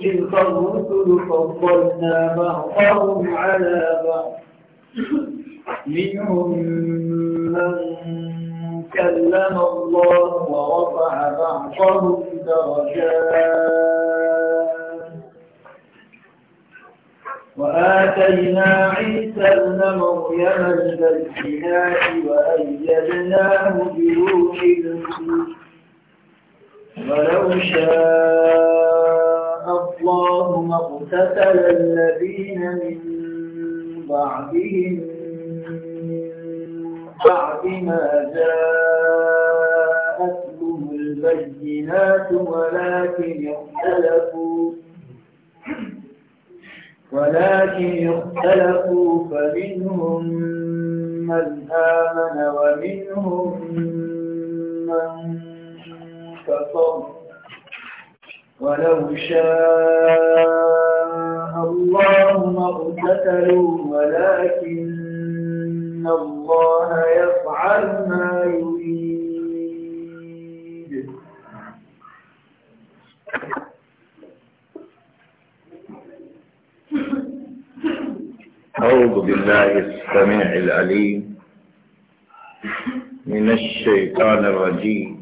تلك الرسل فضلنا بعضهم على بعض منهم من كلم الله ورفع بعضهم درجات وآتينا عيسى ابن مريم البينات وأيدناه بروح القدس ولو شاء الله ما اقتتل الذين من بعدهم من بعد ما جاءتهم البينات ولكن اختلفوا ولكن اختلفوا فمنهم من آمن ومنهم من ولو شاء الله ما اقتتلوا ولكن الله يفعل ما يريد أعوذ بالله السميع العليم من الشيطان الرجيم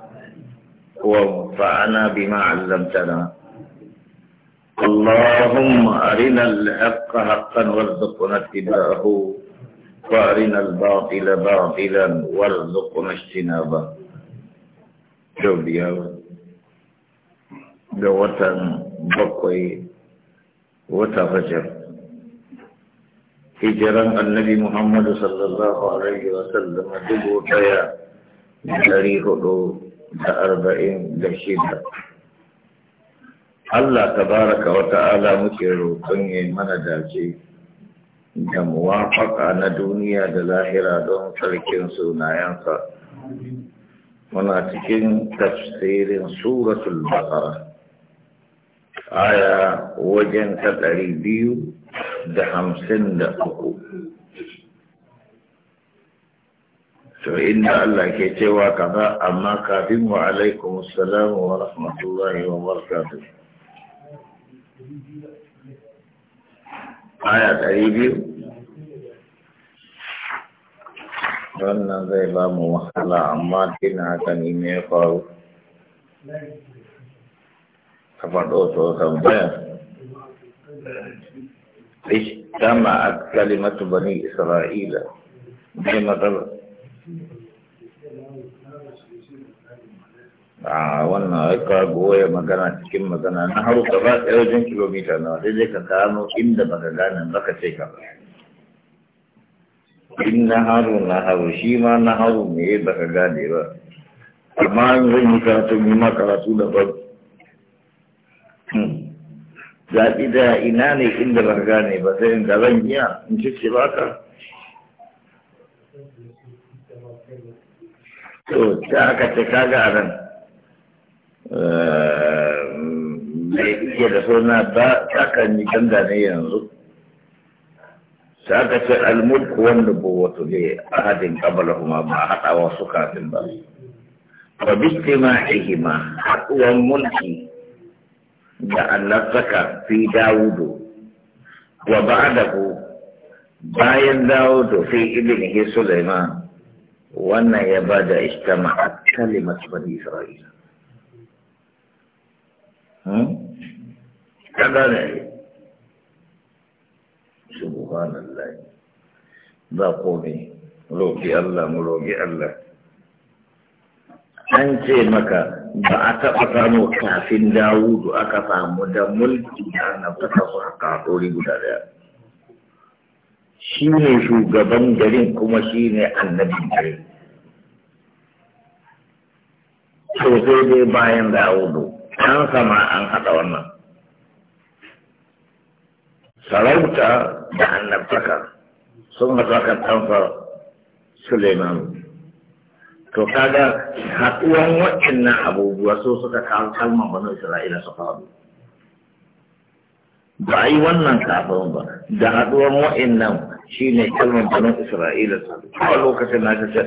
وانفعنا بما علمتنا اللهم أرنا الحق حقا وارزقنا اتباعه وأرنا الباطل باطلا وارزقنا اجتنابه جوب يا وتفجر هجرا النبي محمد صلى الله عليه وسلم دبو تيا دري da arba'in da shida Allah tabaraka wa ta'ala muke roƙon ya mana dace da muwafaka na duniya da lahira don sarkin sunayensa muna cikin tafsirin suratul baqara aya wajen ta ɗari biyu da hamsin da uku فإن الله كتوى كذا أما كافم وعليكم السلام ورحمة الله وبركاته آية أيدي فأنا زي لا موحلة أما كنا كنين يقال فقدوا صوتهم اجتمعت كلمة بني إسرائيل بما طلب a wannan aika goya magana cikin magana na haru ka ba tsaye wajen kilomita na sai dai ka gano inda baka gane baka ce ka in na haru na haru shi ma na haru me baka gane ba amma zan yi karatu yi ma karatu da ba hmm. zaɓi da ina ne inda baka gane ba sai in ga zan in ci ce baka to ta aka ce kaga a nan eh, mai iya da suna ba tsakan yi ganda ne yanzu ta aka ce almulk wanda bo wato ne ahadin kabala kuma ba haɗawa su kafin ba ba hima ihima haɗuwan mulki da Allah saka fi dawudu wa ba'adahu bayan dawudu fi ibnihi sulaiman wannan ya ba da ishtama'a kalimar bani isra'ila hmm? ka gane subhanallah ba komai roƙi Allah mu roƙi Allah an ce maka ba a taɓa samu kafin Dawudu aka samu da mulki da annabta su haka guda ɗaya shi ne shugaban garin kuma shi ne annabin garin to sai dai bayan wudu an sama an haɗa wannan sarauta da annabtaka sun haɗu akan ɗansa Suleiman. To kaga haɗuwan waɗannan abubuwa so suka kawo kalmar Isra'ila su faru. Ba a yi wannan kafin ba, da haɗuwan waɗannan shi ne kalmar nan isra'ila a lokacin na ce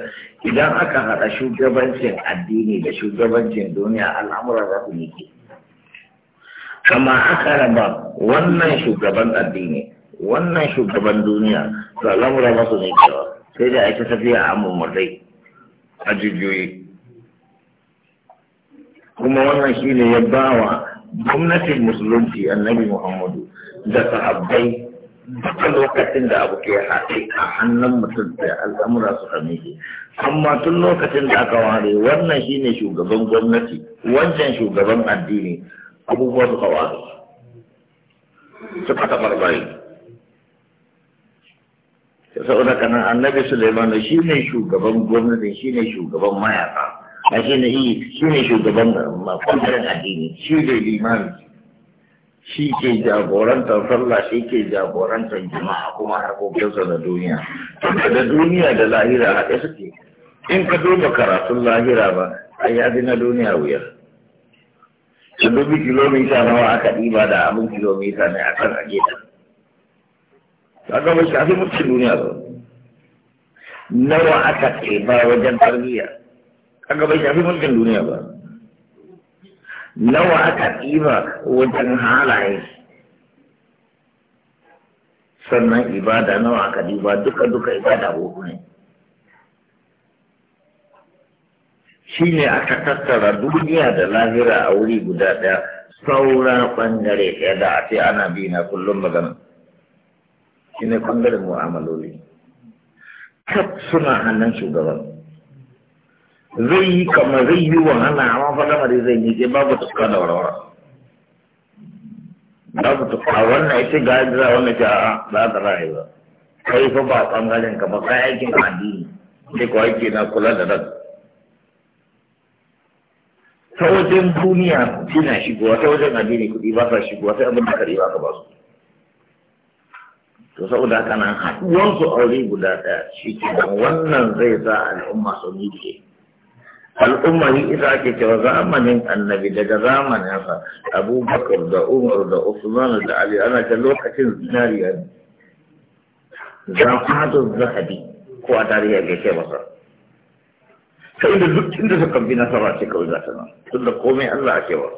idan aka haɗa shugabancin addini da shugabancin duniya al'amura za su yi amma aka raba wannan shugaban addini wannan shugaban duniya to al'amura za su yi cewa sai da ake tafiya a mummurrai a jijiyoyi kuma wannan shi ne ya bawa gwamnatin musulunci annabi muhammadu da sahabbai dukkan lokacin da abu ke haɗe a hannun mutum da al'amura su ke. amma tun lokacin da aka ware wannan shine shugaban gwamnati wancan shugaban addini abubuwa su suka ware suka taɓarɓare saboda kanan annabi suleiman shi ne shugaban gwamnati shi ne shugaban mayaka a shi ne shugaban kwanarin eh, addini shi ne limami shi ke jagorantar sallah shi ke jagorantar jama'a kuma harkokinsa da duniya da duniya da lahira haɗe suke in ka duba karatun lahira ba a yafi na duniya wuya ka dubi kilomita nawa aka ɗiba da abin kilomita ne a kan ake da ka ga shi shafi mutu duniya ba nawa aka ɗiba wajen tarbiyya ka ga shi shafi mutu duniya ba nawa aka ɗiba wajen halaye sannan ibada nawa aka ɗiba duka duka ibada hudu ne shi ne aka tattara duniya da lahira a wuri guda ɗaya saura ɓangare ɗaya da a ce ana bi na kullum magana shi ne ɓangaren mu'amaloli Kat suna hannun shugaban zai yi kama zai yi hana amma fa lamari zai yi ke babu tukka da warwara babu tukka wannan ita ga yadda wannan ta a ba ta rayu kai fa ba bangaren ka ba kai aikin addini sai ko aiki na kula da ran ta wajen duniya suna shigowa ta wajen addini kuɗi ba sa shigowa sai abin da kare ba ka ba su to saboda haka nan haɗuwansu aure guda ɗaya shi ke wannan al'umma ne ita ake cewa zamanin annabi daga zamaninsa abubakar da umar da usman da ali ana ta lokacin zinariya ne zafadun zahabi ko a tarihi ake ce masa ta da duk inda suka bi nasara ce kawai za ta nan tun da komai allah ake wa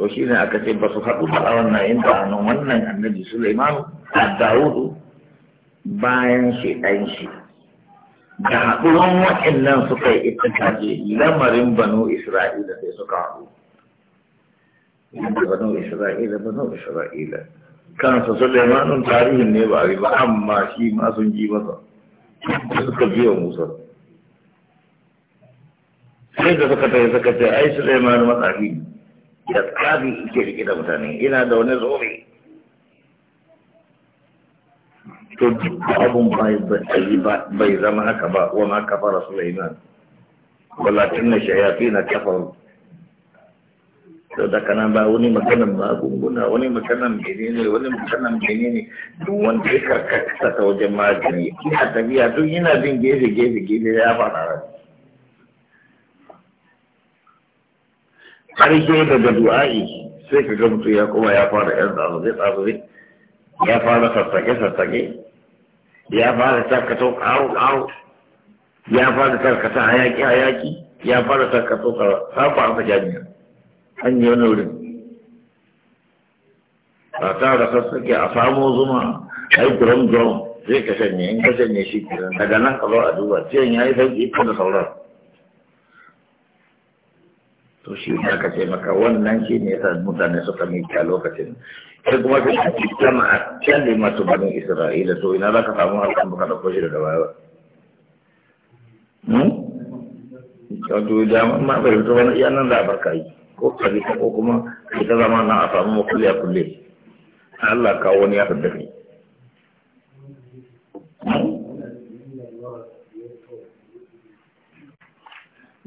to shi ne aka ce ba su haɗu ba a wannan inda a nan wannan annabi Suleiman a dawudu bayan shi ɗan shi da haɗuwan waɗannan suka yi ittifaqi lamarin banu isra'ila sai suka haɗu banu isra'ila banu isra'ila kansa Sulaimanun tarihin ne ba a ba amma shi ma sun ji masa suka biyo Musa sai da suka tafi suka ce ai su Sulaiman matsafi ya tsabi yake rike da mutane ina da wani zobe to duk abun bai zama haka ba wa ma kafara Sulaiman walakin na shayafi na kafaru to da kana ba wani maganan magunguna wani maganan menene wani maganan menene duk wanda ya karkata ta wajen magani ina tafiya duk yana bin gefe gefe gefe ya fara rai karshe daga du'a'i sai ka ga mutum ya kuma ya fara yan tsaro zai ya fara sassake-sassake ya fara tarkato kawo-kawo ya fara tarkata hayaki-hayaki ya fara tarkato kawo sabu a majamiya an yi wani wurin a tara sassake a samu zuma a yi guram-guram zai ka shanye in ka shanye shi kiran daga nan ka zo a duba ciyan ya yi sauki ko da sauran to shi ne aka ce maka wannan shi ne ya sa mutane suka mika lokacin sai kuma ka ci kama a masu banin isra'ila to ina za ka samu harkar baka da kwashe da baya ba hmm? wato da ma bai fito wani iya nan za a yi ko kari ta ko kuma ita zama na a samu makulli a kulle Allah kawo wani ya fadda hmm?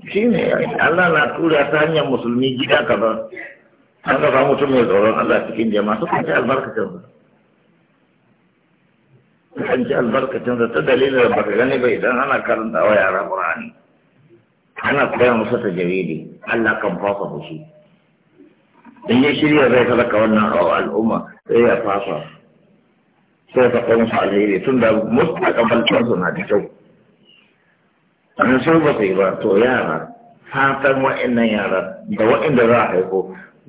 shi ne Allah na tura ta hanyar musulmi gida kaza haka samu mutum mai tsoron Allah cikin jama'a sukan ci albarkacin sa sukan ci albarkacin sa ta dalilin da baka gani ba idan ana karanta wa yara Qur'ani ana koya musu ta jawidi Allah kan fasa fushi in ya shirya zai talaka wannan al'umma sai ya fasa sai ta kawo musu alheri tun da mustaqbalcin su na da kyau an so ba sai ba to yara fatan wa'annan yara da wa'anda za a haiko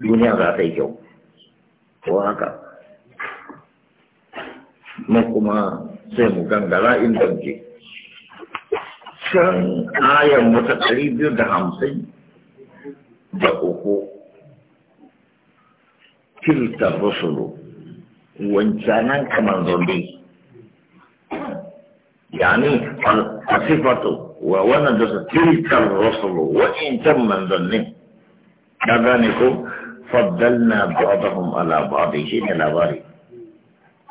duniya za ta yi kyau ko haka mu kuma sai mu gangara inda muke can ayan mu ɗari biyu da hamsin da uku tilta rusulu wancanan kamar zombi yani sifatu wa wannan da su tilta rusulu wa'incan manzannin ka gane ko faddalna ba'dahum ala ba'dhi shi ne labari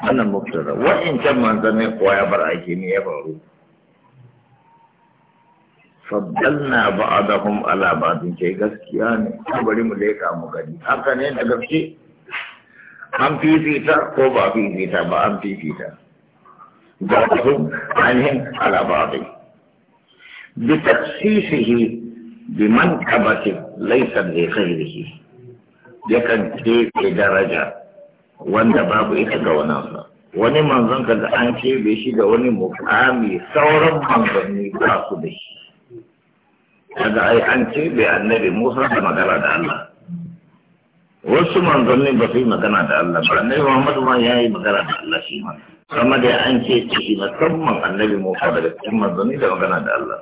wannan muktada wa'in can manzanni kuwa ya bar aiki ne ya faru faddalna ba'dahum ala ba'dhin ce gaskiya ne bari mu leka mu gani haka ne da gaske an fifita ko ba fifita ba an fifita ba'dahum anhum ala ba'dhin bi tafsisihi bi man yakan keke daraja wanda babu ita ga sa. wani manzon ka da an keɓe shi da wani mukami sauran manzanni ba su da shi kaga ai an bai annabi musa da magana da allah wasu manzanni ba su yi magana da allah ba annabi muhammadu ma ya yi magana da allah shi ma kama da an ce shi musamman annabi musa daga cikin manzanni da magana da allah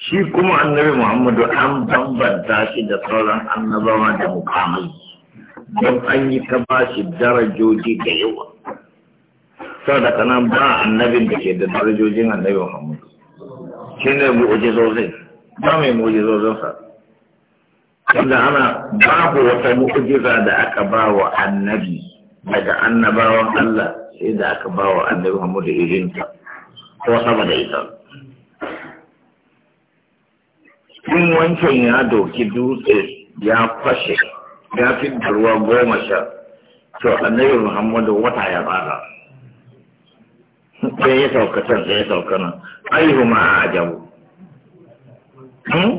shi kuma annabi muhammadu an bambanta shi da sauran annabawa da mukamai don an yi ta ba shi darajoji da yawa sau da kana ba annabin da ke da darajojin annabi muhammadu shi ne mu'ujizozin ba mai mu'ujizozinsa wanda ana babu wata mu'ujiza da aka ba wa annabi daga annabawan allah sai da aka ba wa annabi muhammadu irinta ko sama da ita in wancan ya doki dutse ya fashe ya fi ruwa goma sha to annabi muhammadu wata ya fara sai ya sauka can sai ya sauka nan ayyuhu ma a ajabu hmm?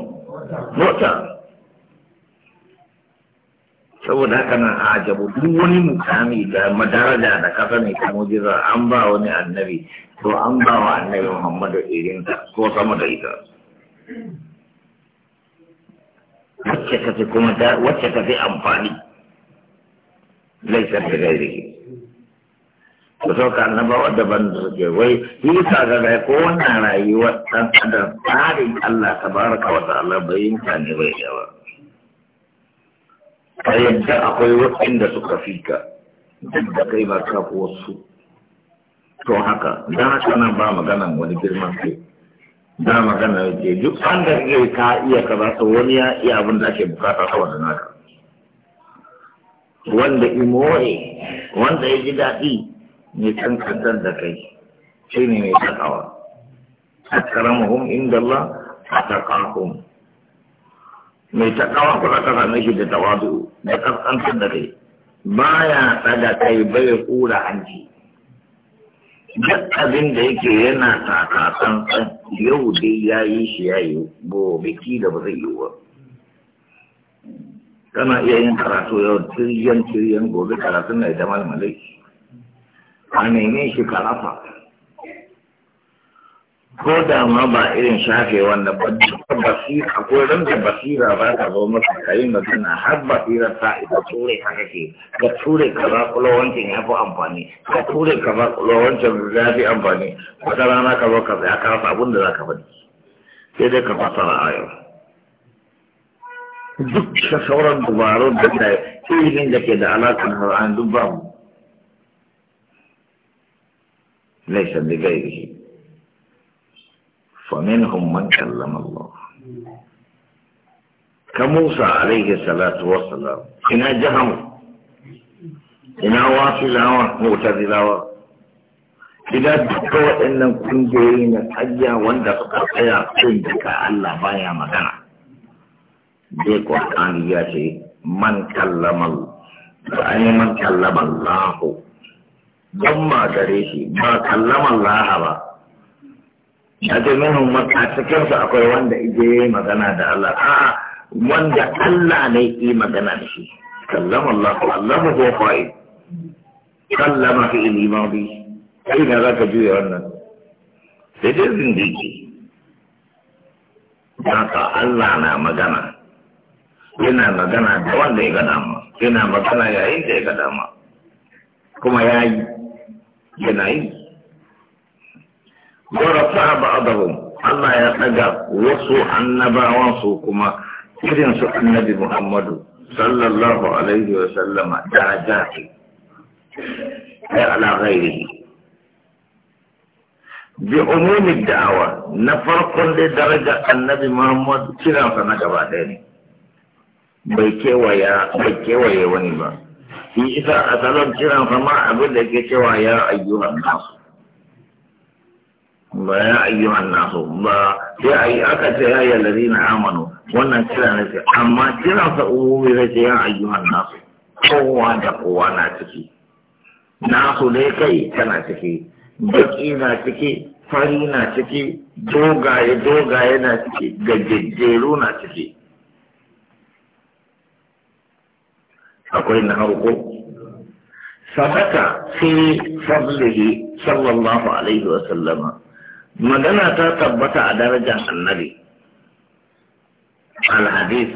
wata saboda haka nan a ajabu duk wani mukami da madaraja da kasa mai kamo jira an ba wani annabi to an ba wa annabi muhammadu irinta ko sama da ita wacce ta fi kuma ta wacce ta fi amfani laisar da gairi ku sauka annabawa daban da suke wai yi ta ga ko wannan rayuwar ɗan adam tsarin Allah ta baraka wa ta'ala bai yin ta ne bai yawa a yadda akwai da suka fi ka duk da kai ba ka wasu to haka don haka nan ba maganan wani girman kai na magana yake duk an da kai ka iya ka ba wani ya iya abin da ake bukata saboda naka wanda imore wanda ya ji daɗi mai kantar da kai shi ne mai takawa akramuhum inda Allah ataqahum mai takawa kuma ka same shi da tawadu da kaskantar da kai baya tsada kai bai kura hanci duk abin da yake yana takasan yau dai ya yi shi ya yi gobe ki da ba zai yi ba kana iya yin karatu yau tiriyan tiriyan gobe karatun na ita malmalai a neme shi karafa ko da ma ba irin shafe wanda ba duka basira ko ran da basira ba ta zo masa kayi magana har basira ta ita ture ka kake ka ture ka ba kula wancan ya fi amfani ka ture ka ba kula wancan ya fi amfani wata rana ka zo ka tsaya ka rasa abin da za ka faɗi sai dai ka fasara ayar duk da sauran dubarun da ta yi ilimin da ke da alaƙar har'an duk babu laisa da gairihi فمنهم من كلم الله كموسى عليه الصلاة والسلام إنها جهم إنها واصلة معتزلة idan duka waɗannan ƙungiyoyi na tsayya wanda suka tsaya sun duka Allah baya magana dai Qur'ani ya ce man kallamal ai man kallamal lahu don ma shi ba kallamal laha a domin a cikinsu akwai wanda ije magana da Allah a'a wanda Allah ne yi magana da shi kallama Allah Allah ko fa'i kallama fi al-imadi kai da zaka juya wannan sai dai zindiki haka Allah na magana yana magana da wanda ya gada dama yana magana yayin da ya gada dama kuma yayi yana yi ورفع بعضهم الله يتقى وصو النبا وصو كما إذن سوء النبي محمد صلى الله عليه وسلم درجات على غيره بعموم الدعوة نفرق لدرجة النبي محمد كلا فنجبا بعدين بيكي ويا ونبا في إذا أتلم كلا فما أبدا كي يا أيها الناصر ba ya ayyuhan nasu ba ya ayi aka ce ya yi lalina amanu wannan kira na sai amma kira sa umumi na ce ya ayyuhan nasu kowa da kowa na ciki nasu dai kai tana ciki baki na ciki fari na ciki dogaye dogaye na ciki gajejjeru na ciki akwai na harko sadaka sai fadlihi sallallahu alaihi wa مدنة ta على درجة النبي annabi الحديث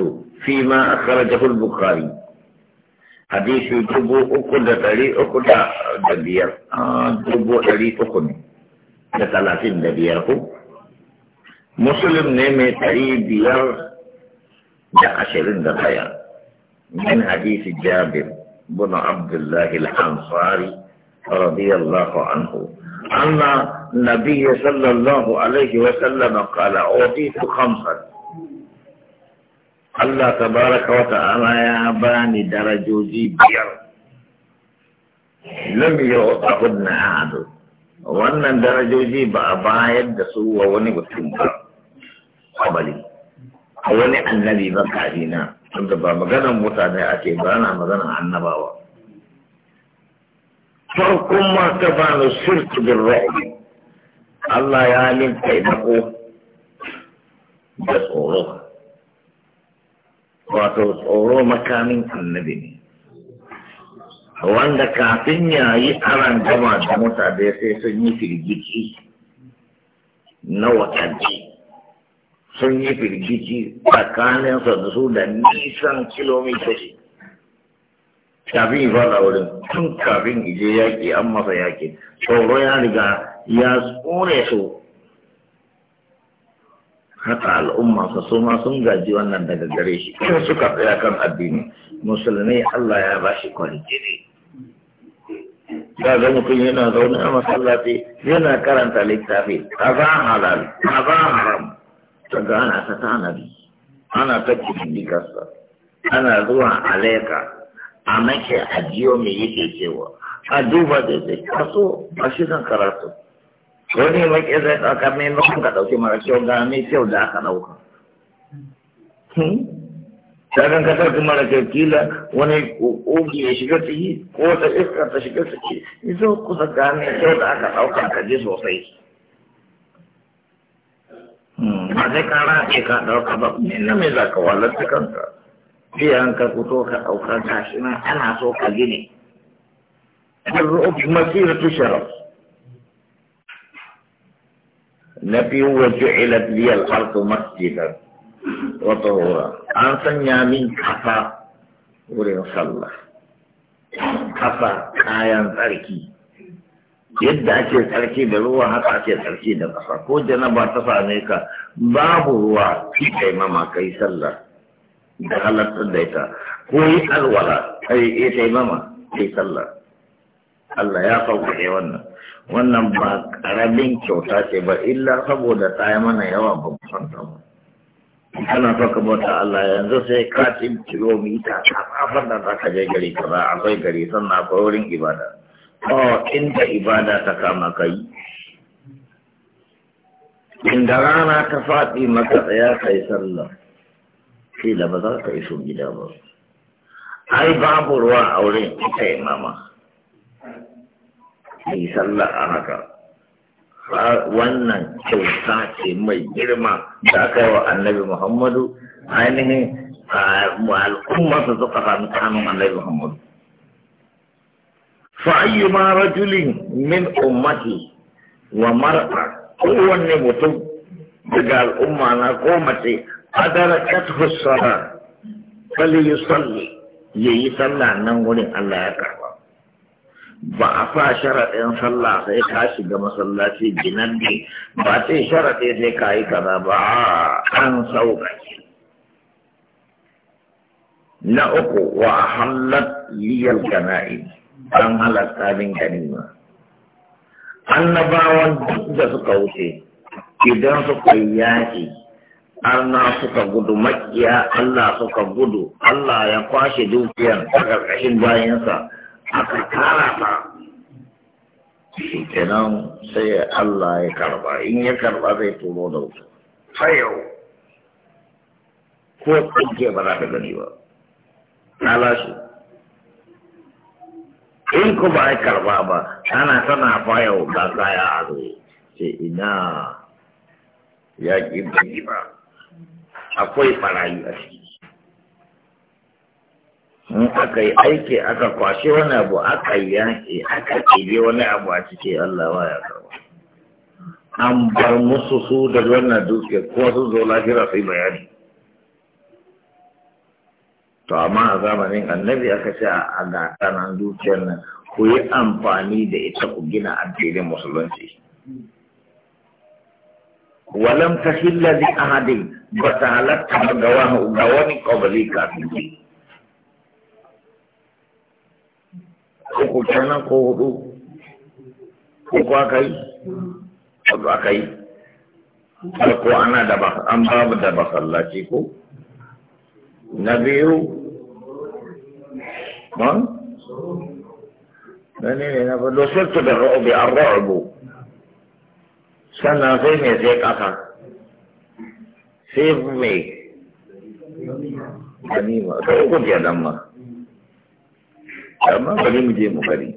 فيما أخرجه البخاري حديث جبو أكد تري أكد دبير آه، جبو تري أكد لثلاثين دبيره مسلم نمي تري دير لعشرين دبير من حديث جابر بن عبد الله الأنصاري رضي الله عنه أن النبي صلى الله عليه وسلم قال أعطيت خمسا الله تبارك وتعالى يا باني درجو بير لم يعطهن أحد وأن درجو جي بأبايد دسوة وني وتنبا قبلي وني النبي بكى دينا أنت بابا غدا متابعة كيبانا مغنى النبا فرق ما كفانو سرت بالرعب Allah ya min taimako da tsoro wato tsoro makamin annabi ne wanda kafin ya yi aran gama da mutane sai sun yi firgici na wakanci. sun yi firgici tsakanin da da nisan kilomita shi, kafin ya fada wurin tun kafin ije yaƙi an masa yaƙi tsoro ya riga ya tsore su haka al'umma su su ma sun gaji wannan daga gare shi kuma suka tsaya kan addini musulmi Allah ya ba shi kwalijini ga mutum yana zaune a masallaci yana karanta littafi kaza halal a haram ta ana ta tanadi ana ta kidikarsa ana zuwa aleka a a ajiyo mai yake cewa a duba da zai kaso a shi karatu wani wake zai ɗauka maimakon ka ɗauki mara kyau ga mai kyau da aka ɗauka Sakan hmm? ka ɗauki mara kyau kila wani ƙoƙi ya shiga ciki ko wata iska ta shiga ciki iso kusa ga mai kyau da aka ɗauka ka ji sosai. Hmm, ba sai ka rafe ka ɗauka ba, ne na mai za ka walarta kanka. Biyan ka fito ka ɗauka gashi nan ana so ka gini. Ru'ub masiratu sharaf. nafiyu wa ju'ilat li al ardu masjidan wa tahura an sanya min kafa wurin sallah kafa kayan tsarki yadda ake tsarki da ruwa haka ake tsarki da kafa ko janaba ta same ka babu ruwa ki kai mama kai sallah da halattar da ita ko yi alwala kai mama kai sallah Allah ya fauka wannan wannan ba ƙaramin kyauta ce ba illa saboda ta yi mana yawa ba babban ba. kana so ka bauta Allah yanzu sai ka ci kilomita a kafar da za ka je gari kaza akwai gari sannan akwai wurin ibada oh inda ibada ta kama kai. inda rana ta faɗi maka tsaya ka yi sallah sai da ba za ka iso gida ba ai babu ruwa a wurin ita yi yi sallah a haka wannan kyauta ce mai girma da aka yi wa annabi muhammadu ainihin su suka sami kanun annabi muhammadu ma rajulin min ummati wa mar'a kowanne mutum daga al'umma na ko mace adarakat hussara fali yusalli yayi sallah nan wurin Allah ya karba ba a fa sharaɗin sallah sai ka shiga masallaci ginan ne ba ce sharaɗe sai ka yi kaza ba an sauƙaƙe na uku wa halat liyal gana'i an halatta min ganima annabawan duk da suka wuce idan suka yi yaƙi Allah suka gudu makiya Allah suka gudu Allah ya kwashe dukiyar a ƙarƙashin bayansa aka kara kenan sai Allah ya karba in ya karba zai turo da wuta ta yau ko kuke ba za ka gani ba na lashe in ku ba ya karba ba ana tana yau ga kaya a zai ce ina ya ƙi ba akwai farayi a ciki in aka yi aiki aka kwashe wani abu aka yanki aka ɗebe wani abu a cike Allah wa ya karba an bar musu su da wannan duke ko su zo lahira sai bayani to amma a zamanin annabi aka ce a ga kanan dukiyar nan ku yi amfani da ita ku gina addinin musulunci walam tahilla li ahadin ba ta halatta ga wani qabli kafin ko kenan ko hudu ko ko aka yi abu aka yi ko ana da an babu da masallaci ko na biyu ma ne ne na ba dosirtu da ro'obi an ro'obo sannan sai mai sai kasa sai mai ganima sai ku ke dan ma amma bari mu je mu bari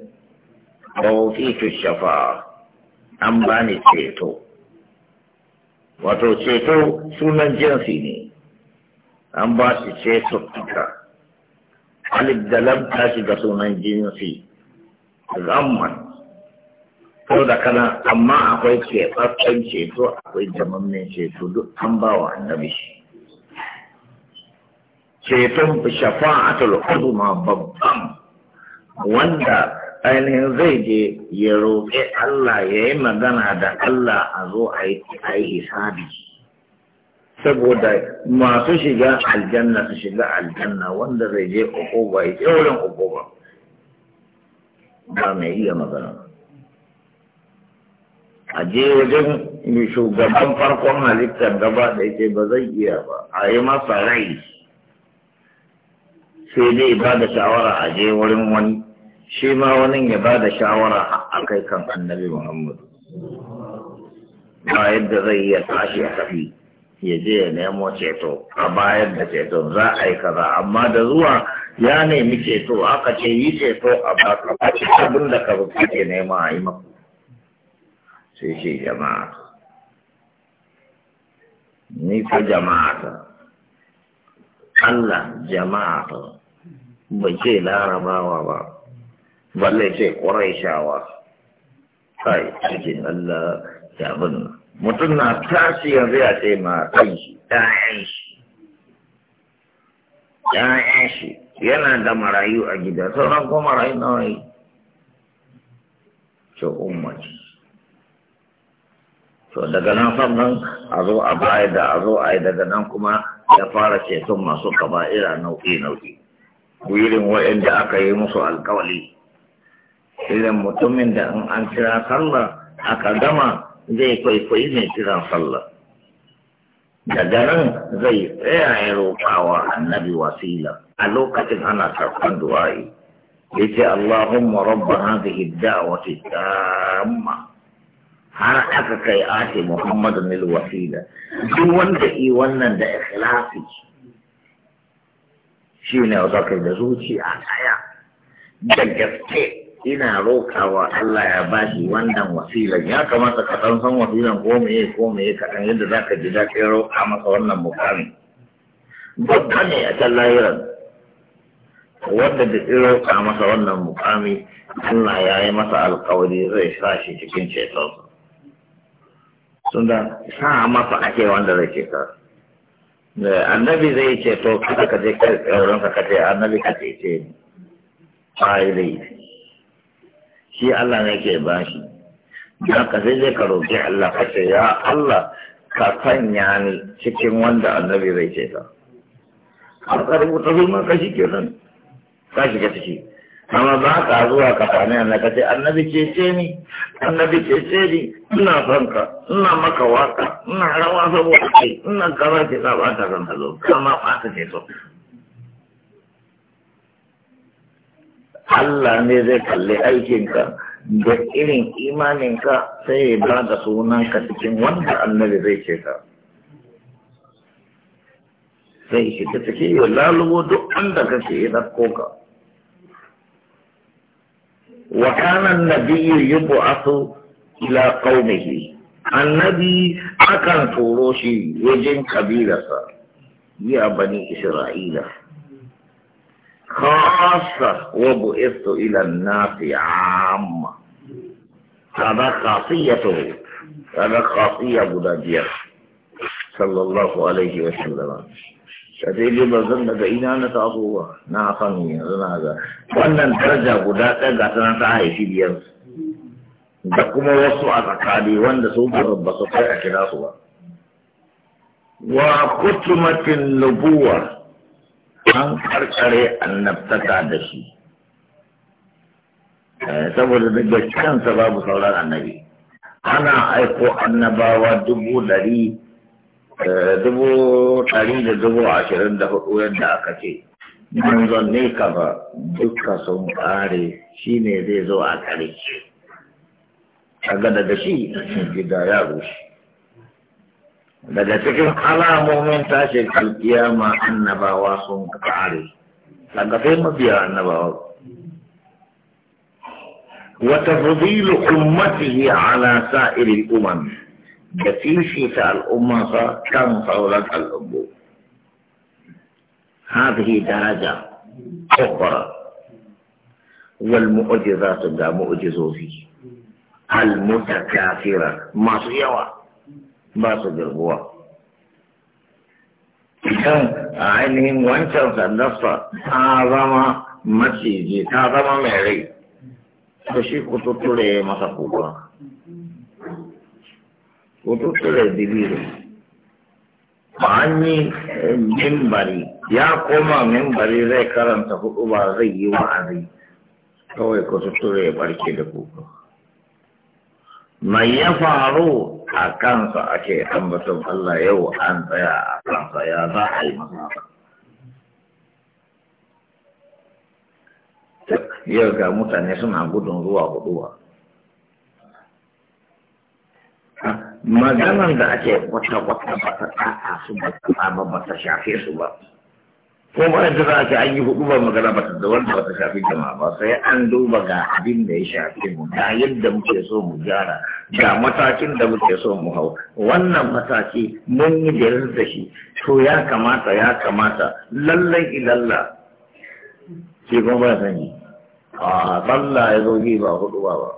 bautu shafa an bani ceto wato ceto sunan jinsi ne an ba shi ceto tuka alif da lam ta shiga sunan jinsi zamman ko da kana amma akwai keɓaɓɓen ceto akwai jamammen ceto duk an ba wa annabi shi ceton shafa'atul uzma babban wanda ainihin zai je ya roƙe Allah ya yi magana da Allah a zo a yi hisabi saboda masu shiga aljanna su shiga aljanna wanda zai je ukuba ya wurin ukuba ba mai iya magana a je wajen shugaban farkon halittar gaba da yake ba zai iya ba a yi masa rai sai dai ba da shawara a je wurin wani shi ma wani ya ba da shawara a kai kan annabi Muhammad. Ba yadda zai iya tashi a tafi ya je ya nemo ceto a bayar da ceto za a yi kaza amma da zuwa ya nemi ceto aka ce yi ceto a baka a cikin abin da ka ke nema a yi maku. Sai shi jama'a. Ni ko jama'a ta. Allah jama'a ta. Bai ce larabawa ba. balle ce ƙwarai Sai kai cikin Allah ya bin mutum na tashi yanzu ya ce ma kan shi ɗayan shi ɗayan shi yana da marayu a gida sauran ko marayu nawa wani ce umarci to daga nan sannan a zo a baya da a zo a yi daga nan kuma ya fara ceton masu ira nau'i nau'i Wurin waɗanda aka yi musu alkawali Idan mutumin da in an kira sallah aka gama zai kwaikwayi mai kiran sallah daga nan zai tsaya ya roƙawa annabi wasila a lokacin ana karɓar du'a'i yace Allahumma rabban hadhihi dawati tamma har aka kai ake Muhammadu nil wasila duk wanda yi wannan da ikhlasi shi ne wa da zuciya tsaya da gaske ina roƙa wa Allah ya bashi wannan wasilan ya kamata ka dan san wasilan ko meye ko meye ka dan yadda zaka ji da kai roka masa wannan mukami babba ne a can lahiran wanda da roka masa wannan mukami Allah ya yi masa alƙawari zai sa shi cikin cetonsa tunda sa masa ake wanda zai cetonsa annabi zai ce to kada ka je kai tsoron ka kace annabi ka ce ce ai shi Allah ne ke ba shi don ka sai zai ka roƙi Allah ka ce ya Allah ka sanya ni cikin wanda annabi zai ce ta har ka rubuta zulman ka shi kenan ka ka ciki amma ba ka zuwa ka fani na ka ce annabi ce ni annabi ce ni ina son ka ina maka waka ina rawa saboda kai ina kaza ke ka ba ta zan hazo kama ba ta ce so Allah ne zai kalli aikinka da irin imaninka sai ya ba da sunanka cikin wanda annabi zai ce ka. Sai shi ta ciki yi lalubo duk wanda kake yi ɗauko ka. Wa kanan yi buasu ila qaumihi annabi akan turo shi wajen kabilarsa ya bani Isra'ila. خاصة وبعثت إلى الناس عامة هذا خاصيته هذا خاصية أبو دابير صلى الله عليه وسلم شديد بزن إنا نتعطوه نا خمي هذا وأن انترجى أبو دابير قاتنا تعاي في بيان دكما وصوا أتقالي وأن سوف ربصوا فيها كلاسوا وقتمت النبوة an karkare annabtaka da shi eh, saboda daga kansa babu sauran annabi ana aiko annabawa dubu dari eh, dubu dari da dubu ashirin da hudu yadda aka ce ne ka ba duka sun kare shi ne zai zo a ƙarshe kaga daga shi gida ya rushe daga cikin alamomin tashin alkiyama annabawa sun kare sangafe mabiya annabawa wata fudilu ummatihi ala sa'iri umam da fifita al'ummarsa kan sauran al'ummu هذه درجة أخرى والمؤجزات دا مؤجزوزي المتكاثرة ما سيوا ba su girbuwa kan a ainihin wancan sandarsa ta zama maciji ta zama mai rai to shi kututture masa kuka. kututture dibiru ba an yi eh, mimbari ya koma mimbari zai karanta hudu ba zai yi wa'azi kawai kututture ya barke da kuka mai ya faru a kansa ake ambaton Allah yau an tsaya a kansa ya za a yi masa yau ga mutane suna gudun zuwa huduwa maganan da ake kwata-kwata ba ta ta'a su ba ta ba ta shafe su ba ko ba da za a ce an yi hudu ba magana ba da wanda ba ta shafi jama'a ba sai an duba ga abin da ya shafi mu ga yadda muke so mu gyara ga matakin da muke so mu hau wannan mataki mun yi da da shi to ya kamata ya kamata lallai ilalla shi kuma ba sani a sallah ya zo ba hudu ba ba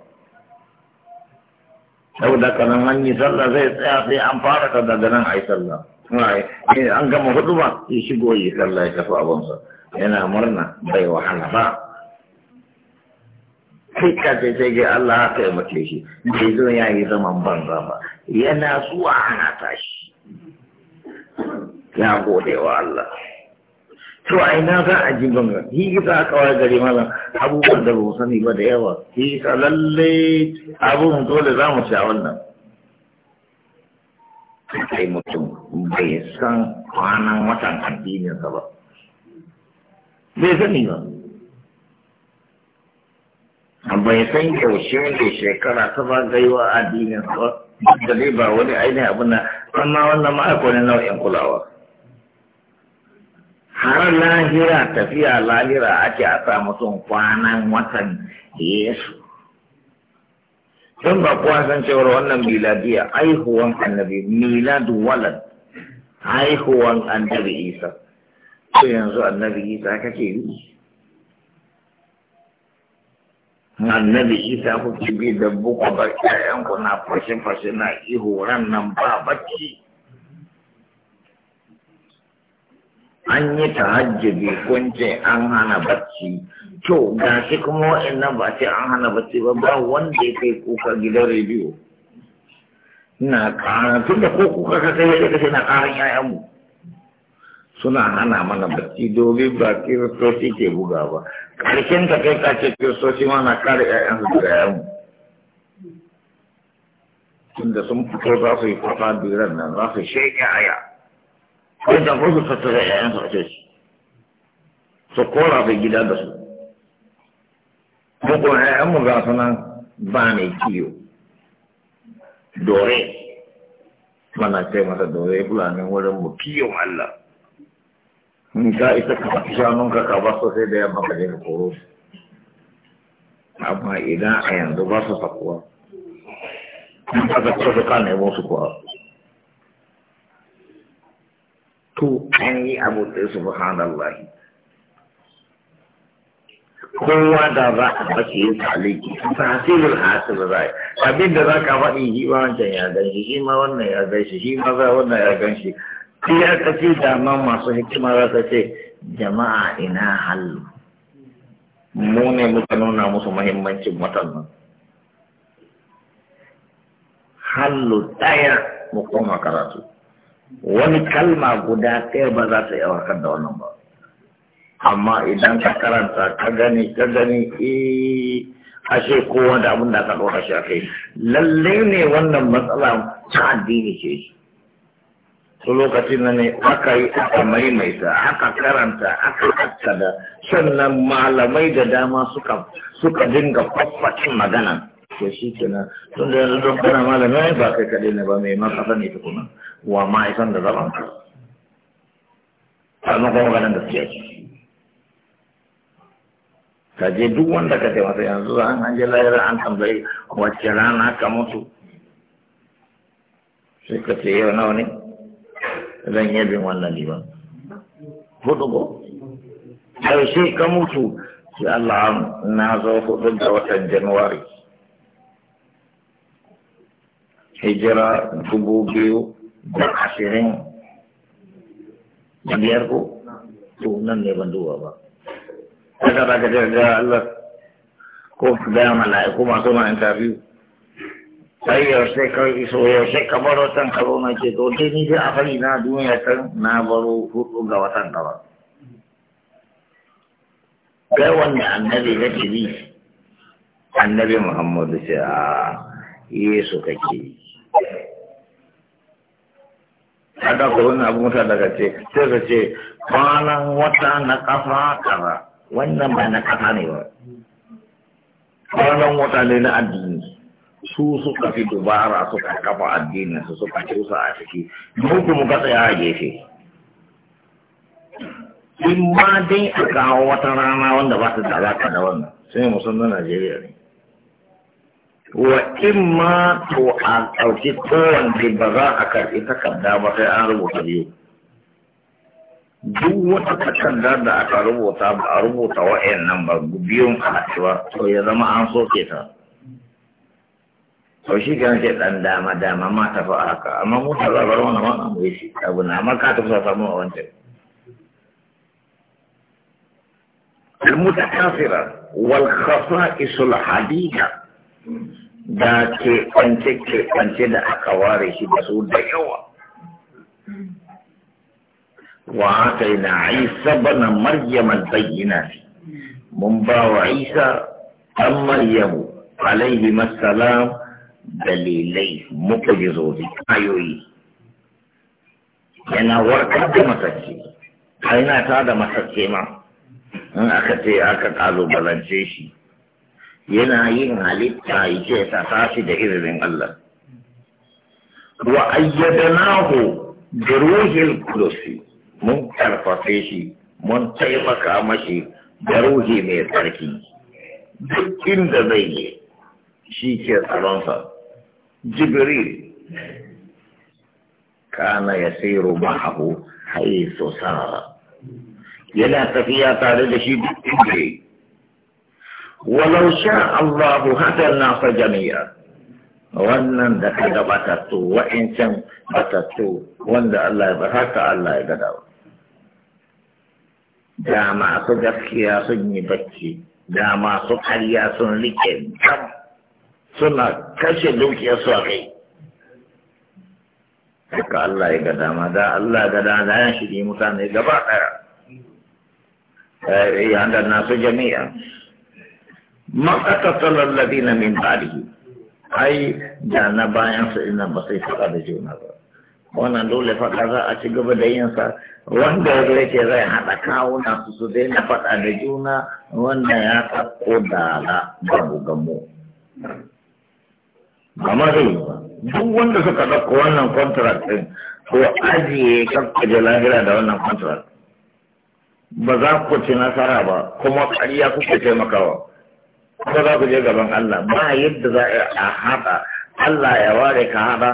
saboda kanan an yi sallah zai tsaya sai an fara kada da nan a yi sallah Eh, an gama hudu ba ya shigo yi sallah ya tafi abinsa yana murna bai wahala ba sai ka ce sai ga Allah ya taimake shi bai zo ya yi zaman banza ba yana zuwa ana tashi ya gode wa Allah to a ina za a ji ga, yi kisa aka wa gari malam abubuwan da ba sani ba da yawa Yi kisa lalle abun dole za mu sha wannan kai mu bai san kwanan watan addininsa ba bai sani ba bai san yaushe ne shekara ta ba gaiwa addininsa ba da dai ba wani ainihin abu na amma wannan ma'aiko nau'in kulawa har lahira tafiya lahira ake a sa mutum kwanan watan yesu don ba kuwa san cewar wannan miladiya aihuwan annabi miladu walad haihuwan annabi isa to yanzu annabi isa kake yi annabi isa kuke bi da buku bar ƴaƴanku na fashe-fashe na ihu ran nan ba bacci an yi tahajjubi kun ce an hana bacci to ga shi kuma nan ba ce an hana bacci ba ba wanda ya kai kuka gidan rediyo na ƙara tun da ko kuka ka sai da kashe na ƙaran ƴaƴanmu suna hana mana bacci domin ba kiristoci ke buga ba ƙarshen ta kai ka ce kiristoci ma na ƙara ƴaƴansu da ƴaƴanmu tun da sun fito za su yi kwafa biran nan za su sheƙe aya kai da kuma su tattara ƴaƴansu a coci su kora bai gida da su. Muku ƴaƴanmu ga sunan ba mai kiyo. dore mana ce mata dore fulanin wurin mu kiyon Allah in ka isa ka faɗi shanunka ka ba su sai da yamma ka je ka koro amma idan a yanzu ba su sakuwa in ka ga su ka nemo su kuwa to an yi abu da subhanallahi kowa da za a bashi yin taliki tasirin hasir rai abin da za ka faɗi shi ma wancan ya gan shi shi ma wannan ya gan shi shi ma za wannan ya gan shi sai ya kace dama masu hikima za ta ce jama'a ina hallu mu ne muka nuna musu muhimmancin watan hallu ɗaya mu koma karatu wani kalma guda ɗaya ba za ta yi warkar da wannan ba amma idan ka karanta ka gani ka gani eh ashe kowa da abin da ka ɗora shi a kai lalle ne wannan matsala ta addini ce to lokacin da ne aka yi aka maimaita aka karanta aka haskada sannan malamai da dama suka suka dinga faffacin magana to shi kenan tun da yanzu don kana malamai ba kai kaɗai ne ba mai makasa ne tukuna wa ma'aikan da zaban ka sannan kuma da gaskiya ce ka je duk wanda ka ce masa yanzu an an je lahira an tambayi wacce rana ka mutu sai ka ce yau nawa ne zan yi bin wannan liman hudu ko ƙarshe ka mutu sai Allah na zo hudu da watan januwari hijira dubu biyu da ashirin biyar ko to nan ne ban duba ba kaga za ka je ga Allah ko da mala'iku masu na interview sai yaushe ka iso yaushe ka baro can ka zo na ce to dai ni dai a fari na duniya kan na baro hudu ga watan gaba kai wanne annabi kake bi annabi muhammadu ce a yesu kake yi kada ku wani abu mutane daga ce sai ka ce kwanan wata na kafa kaza wannan ba na kasa ne ba wannan wata ne na addini su suka fi dubara suka kafa addinin su suka cusa a ciki mu kuma ka tsaya a gefe in ma dai a kawo wata rana wanda ba ta da alaka da wannan sai mu san na Najeriya ne wa in ma to a ɗauki kowanne ba za a karɓi takarda ba sai an rubuta biyu duk wata takarda da aka rubuta ba a rubuta wa'yan nan ba biyun a cewa to ya zama an soke ta to shi kan ke dan dama dama ma ta fa haka amma mu ta zabar wannan ma an yi shi abu na amma ka ta fa samu a wancan المتكاثرة والخصائص العديدة da ke kwance ke kwance da aka ware shi da su da yawa وآتينا عيسى بن مريم Mun ba wa Isa an Maryamu. عليهما masalam dalilai mu'jizozi ayoyi yana warkar da masacce yana ta da masacce ma in aka ce aka kalubalance shi yana yin halitta yake ta tashi da izinin Allah wa ayyadnahu bi ruhil qudus mun karfafe shi mun taimaka mashi da ruhi mai tsarki duk inda zai yi shi ke tsaronsa jibril kana ya siro ma'ahu haisu yana tafiya tare da shi duk inda yi walau sha Allahu hadar nasa jami'a wannan da ka gabatattu wa'incan batattu wanda Allah ya bata, haka Allah ya gada wa. da masu gaskiya sun yi bacci da masu karya sun rike kam suna kashe su a kai Duka Allah ya ga dama da Allah ga dama da yan shiri mutane gaba daya eh yanda nasu jami'a ma qatatala ladina min ba'dihi ai da na bayan su ina ba sai faɗa da juna ba wannan dole faɗa za a ci gaba da yin sa wanda ya zai ce zai haɗa kawuna su su zai na faɗa da juna wanda ya sako dala gamu gamu gama zai yi ba duk wanda suka ɗauko wannan contract ɗin ko ajiye da lahira da wannan contract ba za ku ci nasara ba kuma ƙarya kuke taimakawa kuma za ku je gaban Allah ba yadda za a haɗa Allah ya ware ka haɗa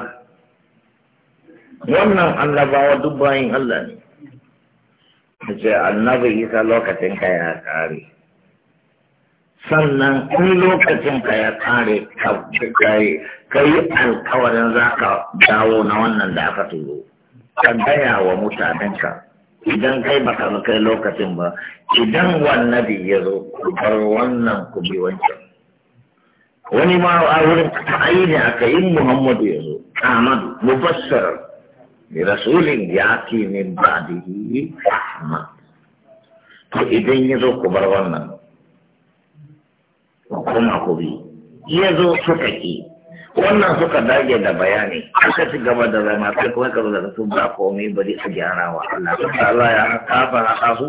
wannan annabawa duk bayin Allah ne ce annabi isa lokacin ka ya kare sannan in lokacin ka ya kare ka yi alkawarin za ka dawo na wannan da aka turo ka gaya wa mutanenka idan kai ba baka kai lokacin ba idan wannabi ya zo ku bar wannan ku bi wancan wani ma a wurin ta ne aka yi muhammadu ya zo ahmadu mufassar ya ke min ba da yi يزو كبر ونن وكما كبي يزو سكتي wannan kuma bi. Ya zo suka dage da bayani aka ci gaba da zama sai kuma ka da su ba komai bari a gyara wa Allah duk Allah ya kafa haka kasu?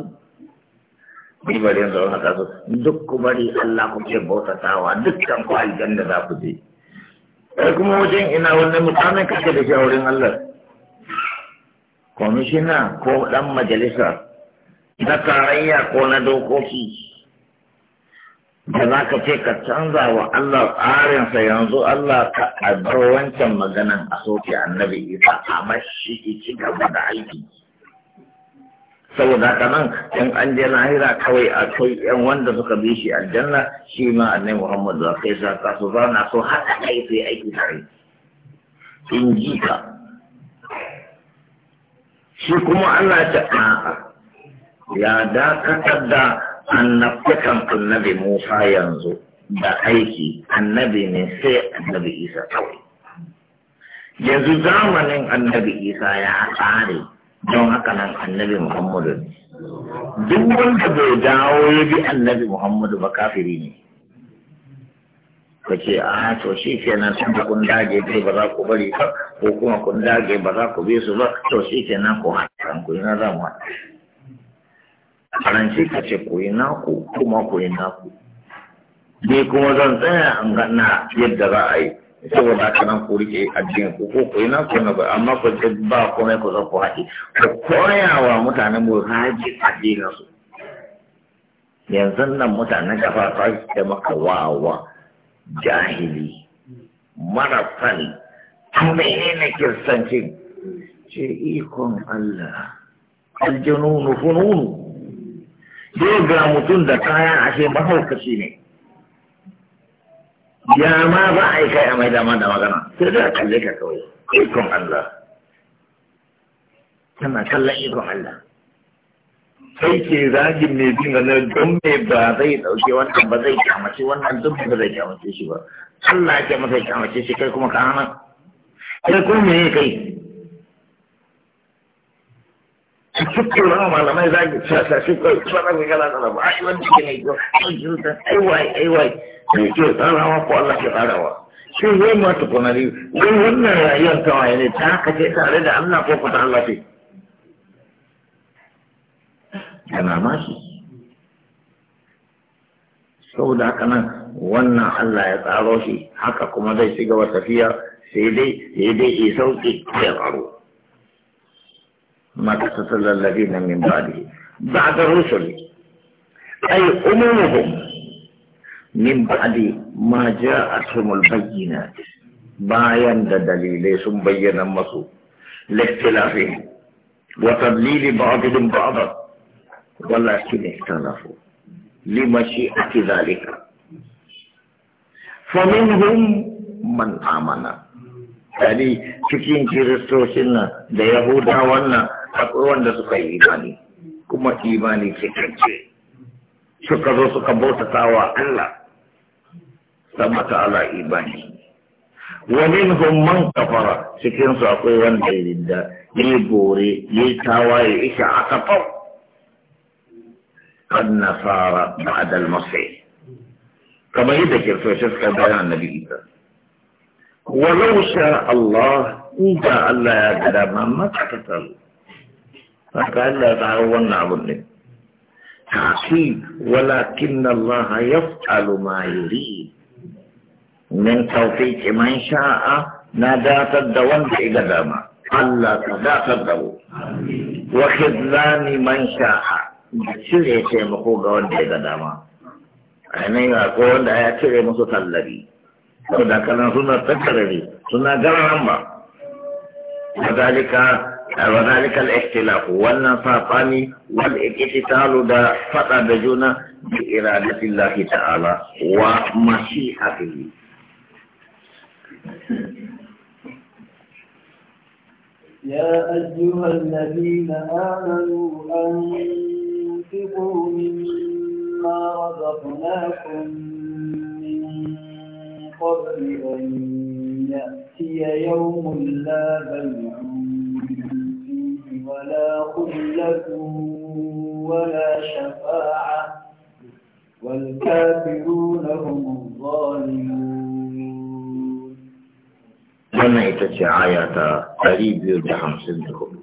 bi bari yanzu haka su duk ku bari Allah ku ke bautatawa dukkan ku aljanna za ku je kuma wajen ina wannan mutanen kake da shi a wurin Allah kwamishina ko ɗan majalisa na tarayya ko na dokoki da za ka ce ka canza wa Allah tsarinsa yanzu Allah ka abar wancan maganan a soke annabi isa a mashi ci gaba da aiki saboda ka nan in an je lahira kawai a kai yan wanda suka bi shi aljanna shi ma annabi Muhammad za kai sa su zauna so haka kai sai aiki tare in ji ka shi kuma Allah ta a'a ya dakatar da annabtakan annabi Musa yanzu da aiki annabi ne sai annabi Isa kawai yanzu zamanin annabi Isa ya tsare don haka nan annabi Muhammadu duk wanda bai dawo ya bi annabi Muhammadu ba kafiri ne ka ce a ah, to shi kenan tun da kun dage dai ba za ku bari ba ko kuma kun dage ba za ku bi su ba to shi kenan ku haɗa ku yi na zama haɗa ka ce ku yi ku kuma ku yi ku? ni kuma zan tsaya an gana yadda za a yi saboda ka nan ku rike addinin ku ko ku yi na ku ba amma ku ce ba komai ku zan ku haɗe ku koya wa mutanen mu haji addinin su yanzu nan mutanen kafa ta ce maka wawa jahili marafan ne menene kirsanci ce ikon Allah aljanunu fununu zai ga mutum da kayan ashe mahaukaci ne ya ma ba a yi kai a mai dama da magana sai da kalle ka kawai ikon Allah tana kallon ikon Allah kai ke zagin mai bin ganar don me ba zai dauke wannan ba zai kyamace wannan don ba zai kyamace shi ba Allah ya masa kyamace shi kai kuma ka hana kai ko me kai a cikin rama malamai za ki sa sa shi kai kuma za ku gala da ai wanda ke mai kyau ai jinta ai wai ai wai sai ke tsarawa ko Allah ke tsarawa shi zai ma tukunari wai wannan rayuwar kawai ne ta haka ce tare da Allah ko ku ta Allah ce da mamaki da haka nan wannan Allah ya tsaro shi haka kuma zai shiga wa tafiya sai dai sai dai ya sauke ya tsaro maka ta lallabi na min ba'di ba'da rusuli Ai umumuhum min ba ba'di ma ja a ja'atuhumul bayyinat bayan da dalilai sun bayyana masu laktilafi wa tadlili ba'dhum ba. ولكن اختلفوا لمشيئة ذلك فمنهم من آمن يعني cikin kiristocin nan da yahudawan nan akwai wanda suka yi imani kuma imani cikakke suka zo suka bautata wa Allah sama ta ala imani ومنهم man kafara cikin su akwai wanda ya ridda ya bore ya tawaye isha aka fau النصارى بعد المسيح كما يذكر في شرح بيان النبي إيسا ولو شاء الله إن شاء الله يا ما تقتل فقال لا تعاوننا ظنك تعصيب ولكن الله يفعل ما يريد من توفيق من شاء نادات الدوان بإقدامه الله تدات الدو وخذلان من شاء da cire taimako ga wanda ya ga dama a yanayin ko wanda ya cire musu tallafi da kanan suna tattarare suna nan ba wadalika wadalika al-ikhtilaf wannan safani wal iqtisalu da fada da juna bi iradatillahi ta'ala wa mashi'atihi يا أيها الذين آمنوا أن تنفقوا مما رزقناكم من قبل أن يأتي يوم لا بيع فيه ولا خلة ولا شفاعة والكافرون هم الظالمون wannan ita ce aya ta 254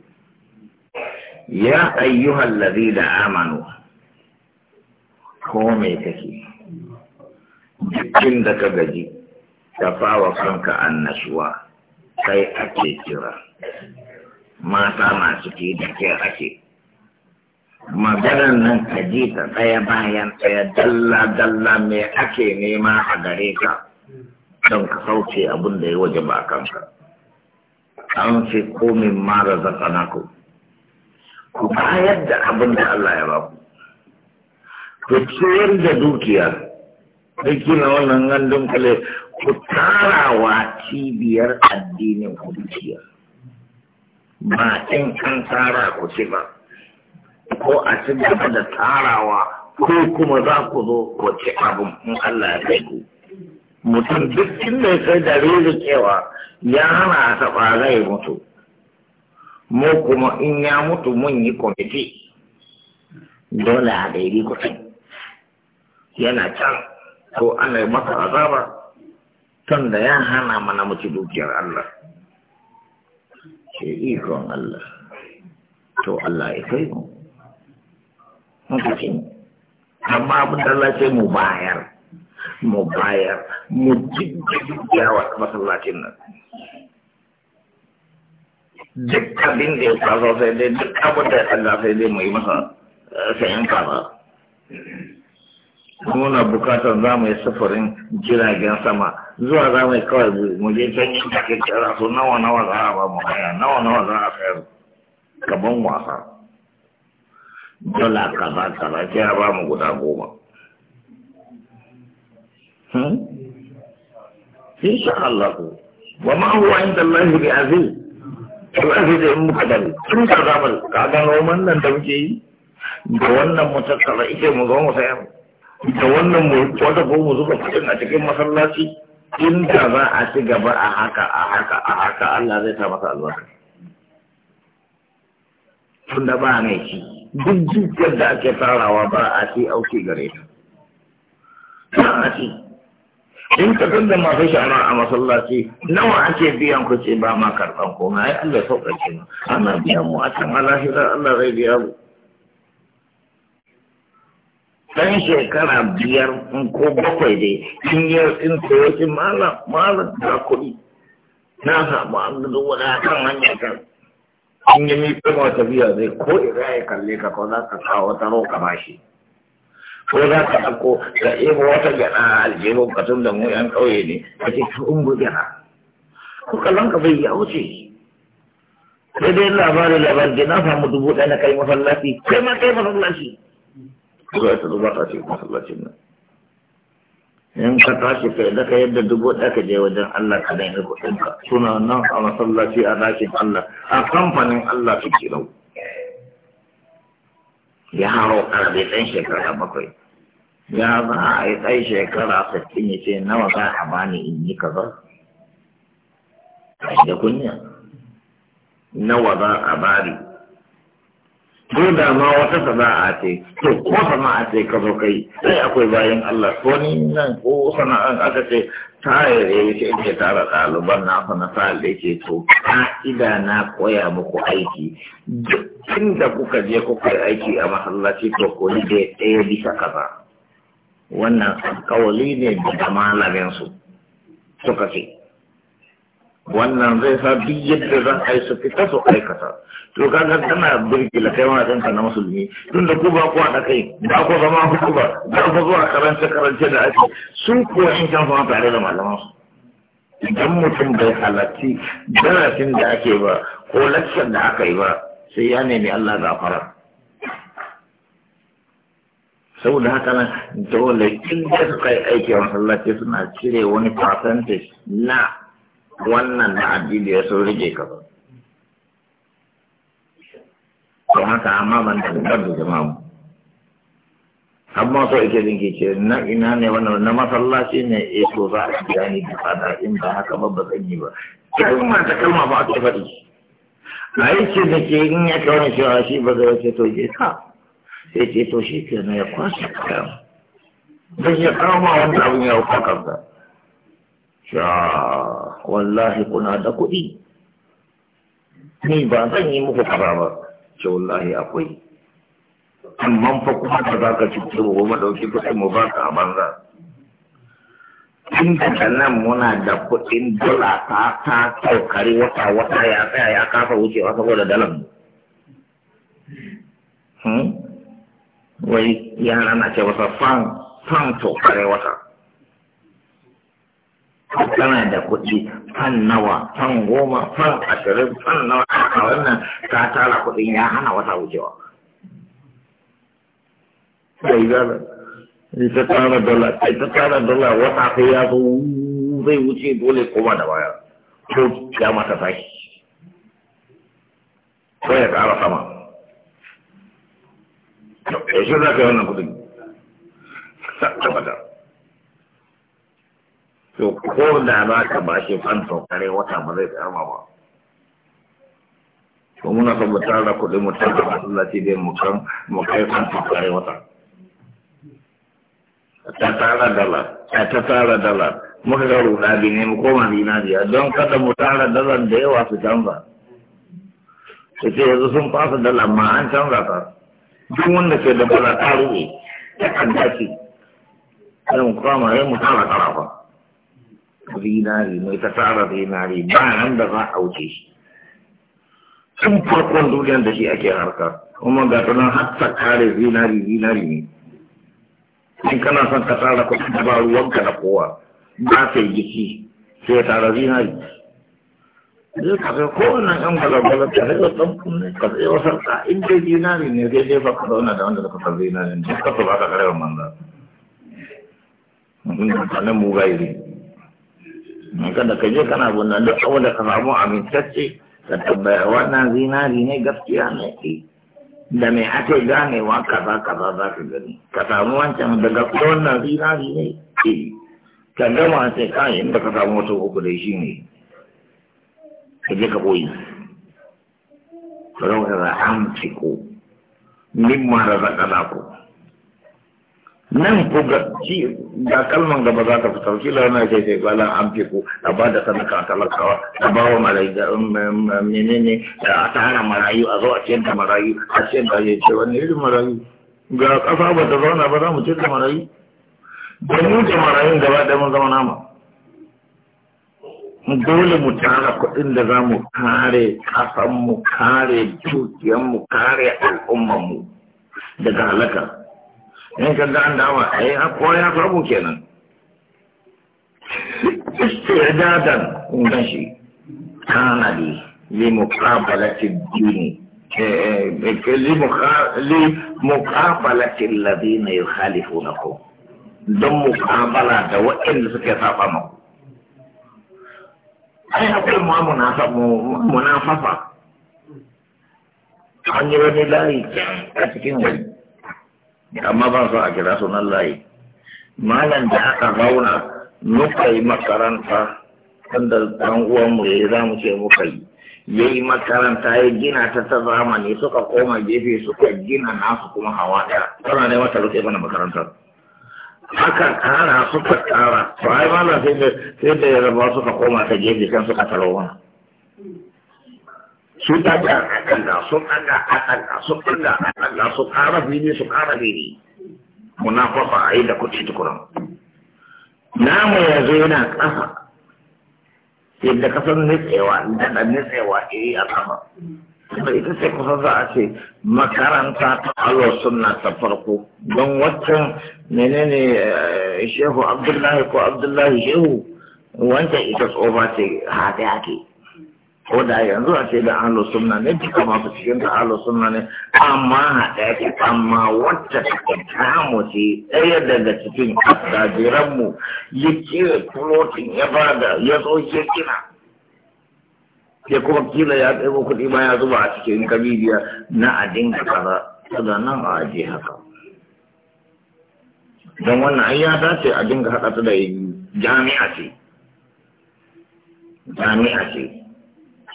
ya ayyuhal ladina amanu ko me kake jikin da ka gaji ka fawa kanka annashuwa sai ake kira mata masu ke da ke ake maganar nan ka ji ta tsaya bayan tsaya dalla dalla me ake nema a gare ka don ka sauke abin da ya waje ba kanka an fi komin mara zakanaku ku bayar da abin da Allah ya ba ku ciyar da dukiya duk kina wannan gandun kale ku tarawa cibiyar addinin ku dukiya ba in an tara ku ci ba ko a ci gaba da tarawa ko kuma za ku zo ku ci abin in Allah ya kai ku mutum duk inda ya kai da rizicewa ya hana a taɓa zai mutu mu kuma in ya mutu mun yi kwamiti dole a daidai kuɗin yana can ko ana yi masa azaba tun da ya hana mana mutu dukiyar Allah ke ikon Allah to Allah ya kai mu mutukin amma abin da Allah ce mu bayar mu bayar mu jijjiga jawa masallacin nan duk abin da ya kawo sai dai duk abin da ya tsalla sai dai mai masa eh, sayan kaza muna bukatar za mu yi sufurin jiragen sama zuwa za mu yi kawai mu je can yin ke kira su nawa nawa za a ba mu haya nawa nawa za a sayar kaban wasa dala kaza kaza sai a ba mu guda goma hmm? insha Allah wa ma huwa inda Allah bi aziz to an da in muka dani tun ka zama ka ga roman nan da muke yi da wannan mu tattara ike mu zo mu sayar da wannan mu wata ko mu zuba kudin a cikin masallaci in da za a ci gaba a haka a haka a haka Allah zai sa masa albarka tun da ba mai ci duk dukiyar da ake tarawa ba a ci auki gare ta ba a ci in ka da masu shara a masallaci nawa ake biyan ku ce ba ma karɓan koma ai Allah sauƙaƙe mu ana biyan mu a can alahira Allah zai biya mu dan shekara biyar ko bakwai dai in yi in koyi malam malam da kuɗi na samu an gudu wani kan hanya kan in yi mi kuma tafiya zai ko ira ya kalle ka ko za ka kawo taro ka bashi. ko za ka ɗauko ka ɗebo wata gyaɗa a aljihun ka tun da mu yan ƙauye ne ka ce ka ungu gyaɗa ko kallon ka bai ya wuce sai dai labarin labarin da na samu dubu ɗaya na kai masallaci kai ma kai masallaci zuwa ta zuba ta ce masallacin nan in ka tashi kai da ka yadda dubu ɗaya ka je wajen Allah ka daina kuɗin ka suna nan a masallaci a ɗakin Allah a kamfanin Allah su kirau ya haro ƙarfe ɗan shekara bakwai ya za a yi tsaye shekara sittin ya ce nawa za a bani in yi kaza da kunya nawa za a bari ko da ma wata sana'a ce to ko sana'a ce ka zo kai sai akwai bayan Allah ko ni nan ko sana'an aka ce tayar ya wuce ke tara ɗaliban na sana sa da ke to ka'ida na koya muku aiki duk inda kuka je kuka yi aiki a masallaci to ko ni da ɗaya bisa kaza. wannan alkawali ne daga malaminsu suka ce wannan zai sa duk yadda zan yi su fita su aikata to kaga tana la kai na musulmi tun da ku ba ku haɗa kai ba ku zama huku ba za ku zuwa karance karance da ake sun kuwa in kan fama tare da malaman su idan mutum bai halarci darasin da ake ba ko lakshin da aka yi ba sai ya nemi Allah gafara saboda haka nan dole in da suka yi aiki masallaci suna cire wani percentage na wannan na addini ya sun rike ka ba to haka amma ban da kar da jama'a mu amma so ike jin ke ce na ina ne wannan na masallaci ne eh to za a biya ni da fada in ba haka ba ba zan yi ba kalma ta kalma ba a ce faɗi a yi ce da ke in ya kawo cewa shi ba zai ce to je ka sai ce to shi ke na ya kwashe kayan zai ya kama wani abin ya hauka kansa sha wallahi kuna da kuɗi ni ba zan yi muku kaba ba ce wallahi akwai amma fa kuma da za ka cuce mu goma ɗauki kuɗin mu baka a banza tun daga nan muna da kuɗin dala ta ta kaukari wata wata ya tsaya ya kafa wucewa saboda dalar. mu hmm? wai yara na ce wasa fan fan da kuɗi fan nawa fan goma fan ashirin fan nawa a ta tara ya hana wata sai ya zo zai wuce dole koma da ko ya mata ya sama yaushe za ka yi wannan kudin abada to ko da za ka ba shi fanto kare wata ba zai tsarma ba to muna son mu tara kuɗin mu tara masallaci dai mu kan mu kai fanto kare wata ta tara dala ta tara dala muka ga ruɗa bi ne mu koma dinariya don kada mu tara dala da yawa su canza su ce yanzu sun fasa dala amma an canza ta duk wanda ke da bala tarihi ya kan dace sai mu kama sai mu karafa zinari mai ta tara zinari ba nan da za a wuce shi tun farkon duniyar da shi ake harka kuma ga tunan hatta kare zinari zinari ne in kana son ka tsara kuɗi da ba ruwanka kowa ba sai jiki sai tara zinari zai kaga kowane ta ka in dai zinari ne zai dai da wanda mu kada ka je kana bunna duk abu da ka samu amintacce ka tabbaya wannan zinari ne gaskiya ne ke eh. da me ake ganewa kaza kaza za ka gani ka samu wancan daga wannan zinari ne ke eh. ka gama sai kayan da ka samu wasu uku da shi ne ka je ka boye farau da an ciko mimma da zakana ku nan ku ga ci da kalman gaba za ta fitar kila na ce sai kwalan an ciko a ba da sanaka talakawa a ba wa um, um, um, menene a tara marayu a zo a ciyar marayu a ciyar da ya ce wani irin marayu ga kasa ba ta zauna ba za mu ciyar da marayu da mu da marayun gaba da mun zama nama dole mu tara kuɗin da za mu kare ƙasanmu kare dukiyanmu kare mu daga halaka in ka ga an dawa a yi haƙo ya samu kenan istiradan ungan shi tanadi li muqabalati dini eh, eh, eh, li muqabalati alladhina yukhalifunahum don muqabala da waɗanda suke safa maku ai hakan ma munafafa an yi wani layi a cikin wani amma ba su a kira sunan layi malam da aka zauna muka yi makaranta karan ɗan uwanmu ya yi za mu ce muka yi ya yi makaranta ya gina ta ta zamani suka koma gefe suka gina nasu kuma hawa ɗaya tana ne mata rufe mana makarantar haka kara suka kara to ai ma na sai da sai da yarba suka koma ta gefe kan suka taro wa su ta ga da su ɗaga da su ɗaga akalla su kara ne su kara fili munafafa a yi da kuci tukuran namu yanzu yana ƙasa yadda kasan nitsewa da nitsewa eh a sama ita ce kusa za a ce makaranta ta alo sunna ta farko don waccan menene eh, shehu abdullahi ko abdullahi shehu wancan ita tsofa ce haɗe ake ko da yanzu a ce da alo sunna ne duka masu cikin ta alo sunna ne amma haɗe ake amma wacce ta mu ce ɗaya daga cikin attajiranmu ya ce fulotin ya bada ya zo ya kina sai kuma kila ya ɗaiɓo kuɗi ma ya zuba a cikin kabiliya na a dinga kaza sada nan a aje haka don wannan ai ya dace a dinga haɗa ta da jami'a ce jami'a ce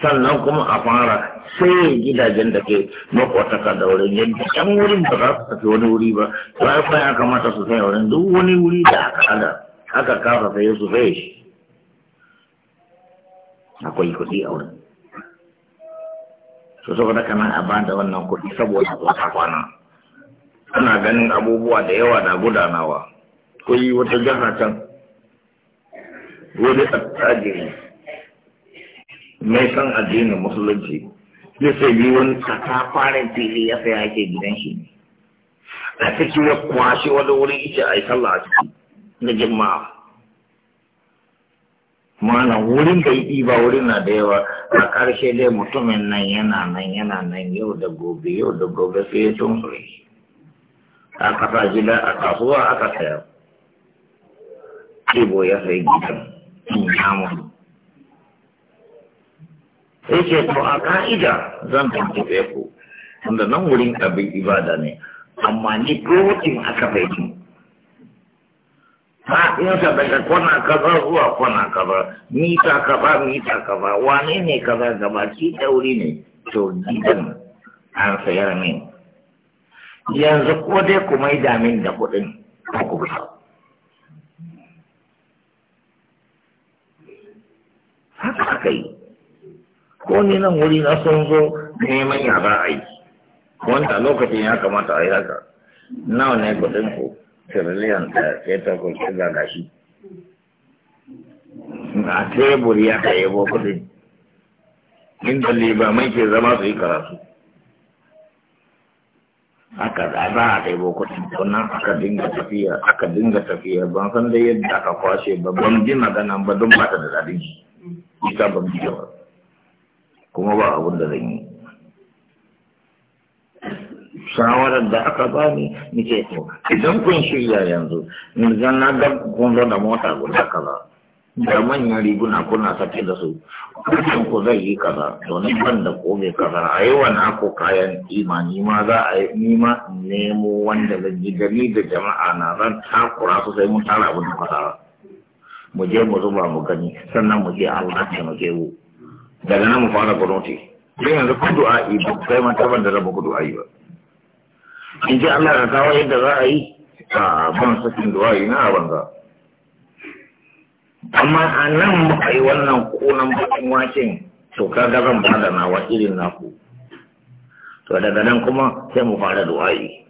sannan kuma a fara sai gidajen da ke makwataka da wurin yadda can wurin ba za su tafi wani wuri ba ba ya kamata su sai wurin duk wani wuri da aka ada aka kafa sai su sai shi akwai kuɗi a wurin to saboda kana a ba da wannan kuɗi saboda wata kwana ana ganin abubuwa da yawa na gudanawa ko yi wata jaha can wani attajiri mai san addinin musulunci ya sai yi wani farin fili ya sai ake gidan shi ne a cikin ya kwashe wani wurin ita a yi sallah a ciki na jima'a malam wurin da yi ba wurin na da yawa a ƙarshe dai mutumin nan yana nan yana nan yau da gobe yau da gobe sai ya tumbure aka sa gida a kasuwa aka saya ibo ya sayi gidan namun sai ce to a ka'ida zan tuntube ku tunda nan wurin abin ibada ne amma ni protein aka fahimci fa'insa daga kwana kaza zuwa kwana kaza mita kaza mita kaza wane ne kaza gabaki dauri ne to gidan an sayar min yanzu ko dai ku maida damin da kuɗin ko ku bisa haka aka yi ko ni nan wuri na sun zo neman ya za a yi wanda lokacin ya kamata a yi haka nawa ne kuɗin ku trillion da sai ta kulki da gashi a tebur ya ka yabo kudin inda mai ke zama su yi karatu aka za a yabo kudi sannan aka dinga tafiya aka dinga tafiya ban san da yadda aka kwashe ba ban ji magana ba don ba ta da daɗin ita ban ji ba kuma ba abun da zan yi shawarar da aka bani nike to idan kun shirya yanzu zan na ga kun zo da mota guda kaza da manyan riguna kuna sake da su kusan ku zai yi kaza domin ban da kome kaza a yi wani ako kayan imani ma za a yi nima nemo wanda zan yi gani da jama'a na zan takura su sai mun tara abin da mu je mu zuba mu gani sannan mu je Allah ya mu je daga nan mu fara gwamnati don yanzu kudu a ibu sai man da raba kudu a yi ba in ji Allah da kawo yadda za a yi a ban sakin wayi na a banza amma a nan muka yi wannan kunan bakin waken to kaga zan bada nawa irin naku to daga nan kuma sai mu fara wayi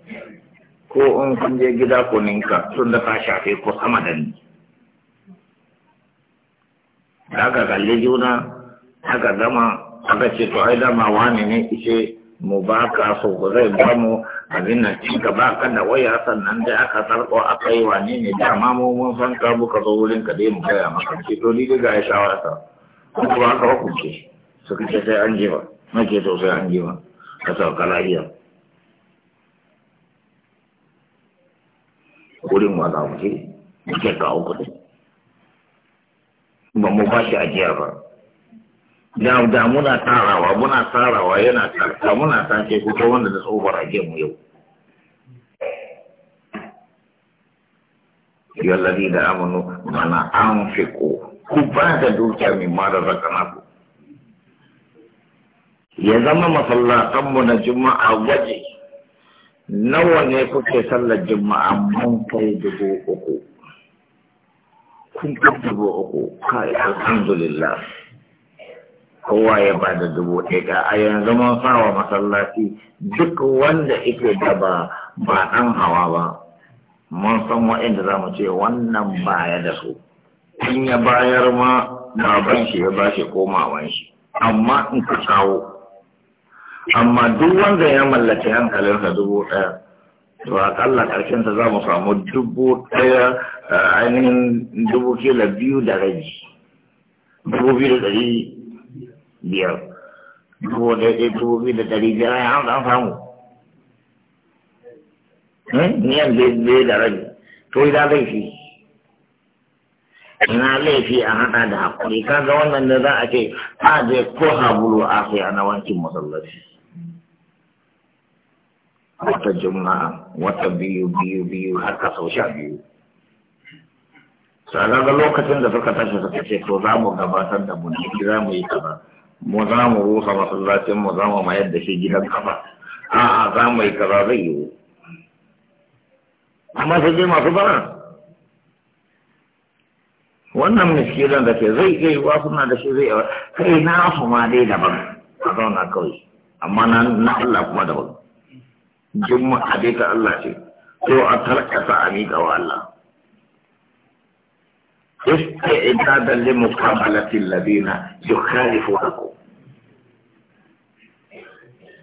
ko in kun je gida ku ninka tun da ka shafe ko sama da ni da aka kalli juna aka gama aka ce to ai dama wani ne ishe mu ba ka so ba zai ba mu abin nan in ka ba ka da waya sannan dai aka sarko aka yi wane ne da mu mun san ka buka zo wurin ka dai mu gaya maka ce to ni ga ya shawara ta ko ba ka hukunce suka ce sai an je ba nake to sai an je ba ka sauka lafiya wurin wa mu je muke kawo kuɗi ba mu ba shi ajiya ba da da muna tarawa muna tarawa yana tarka muna tace ku ta wanda da tsofar ake mu yau yallari da amanu mana an ko ku ba da dukiya mai mara zakana ku ya zama masallatanmu na juma'a waje nawa ne kuke sallar juma'a mun kai dubu uku kun kai dubu uku kai alhamdulillah kowa ya ba da dubu ɗaya a yanzu mun sawa masallaci duk wanda ike da ba ba ɗan hawa ba mun san wa'inda za mu ce wannan baya da su in ya bayar ma baban shi ya bashi komawan shi amma in ka kawo amma duk wanda ya mallaki hankalinsa dubu ɗaya to ƙarshen ƙarshensa za mu samu dubu ɗaya eh, ainihin dubu kila biyu da rai dubu biyu da ɗari biyar dubu da ɗaya dubu biyu da ɗari biyar ya an samu hmm? niyan bai da rabi to idan laifi ina laifi a hada da haƙuri ga wannan da za a ce a zai ko habulu a sai ana wankin masallaci wata juma'a wata biyu biyu biyu har ka sau sha biyu sannan da lokacin da suka tashi suka ce to za mu gabatar da mu za mu yi kaza mu za mu rusa masallacin mu za mu mayar da shi gidan kafa a'a za mu yi kaza zai yiwu amma sai dai masu bara wannan miskilan da ke zai iya yiwuwa suna da shi zai yawa kai na su ma dai daban a zauna kawai amma na Allah kuma daban juma'a dai ta Allah ce to a tarkata a miƙa wa Allah استعدادا لمقابلة الذين يخالفونكم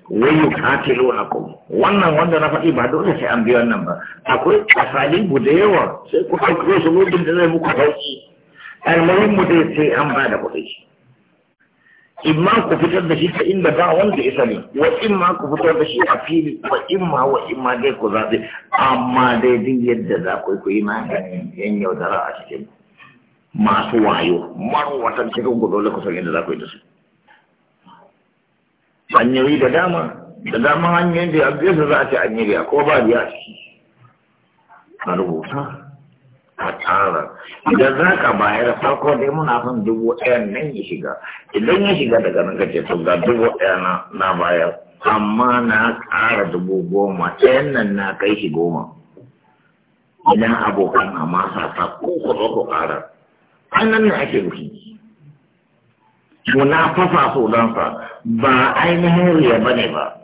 ويقاتلونكم wannan wanda na faɗi ba dole sai an biyo wannan ba akwai asalibu da yawa sai ku ɗauko su lokacin da zai muku sauki almuhimmu dai sai an ba kuɗi imma ku fitar da shi ta inda ba wanda ya sani wa imma ku fitar da shi a fili wa imma wa imma dai ku zaɓi amma dai duk yadda za ku yi ku yi maganin yan yaudara a cikin ku masu wayo marwatan cikin gudu da kusan san yadda za ku yi da su hanyoyi da dama da dama hanyoyin da abin da za a ce hanyoyi a ko ba biya a rubuta a tsara idan za ka bayar farko dai muna son dubu ɗaya nan ya shiga idan ya shiga daga nan ka ce to ga dubu ɗaya na bayar amma na ƙara dubu goma ɗayan nan na kai shi goma idan abokan masa ta ko ku ƙara an nan ne ake rufi munafafa sa ba ainihin riya ba ne ba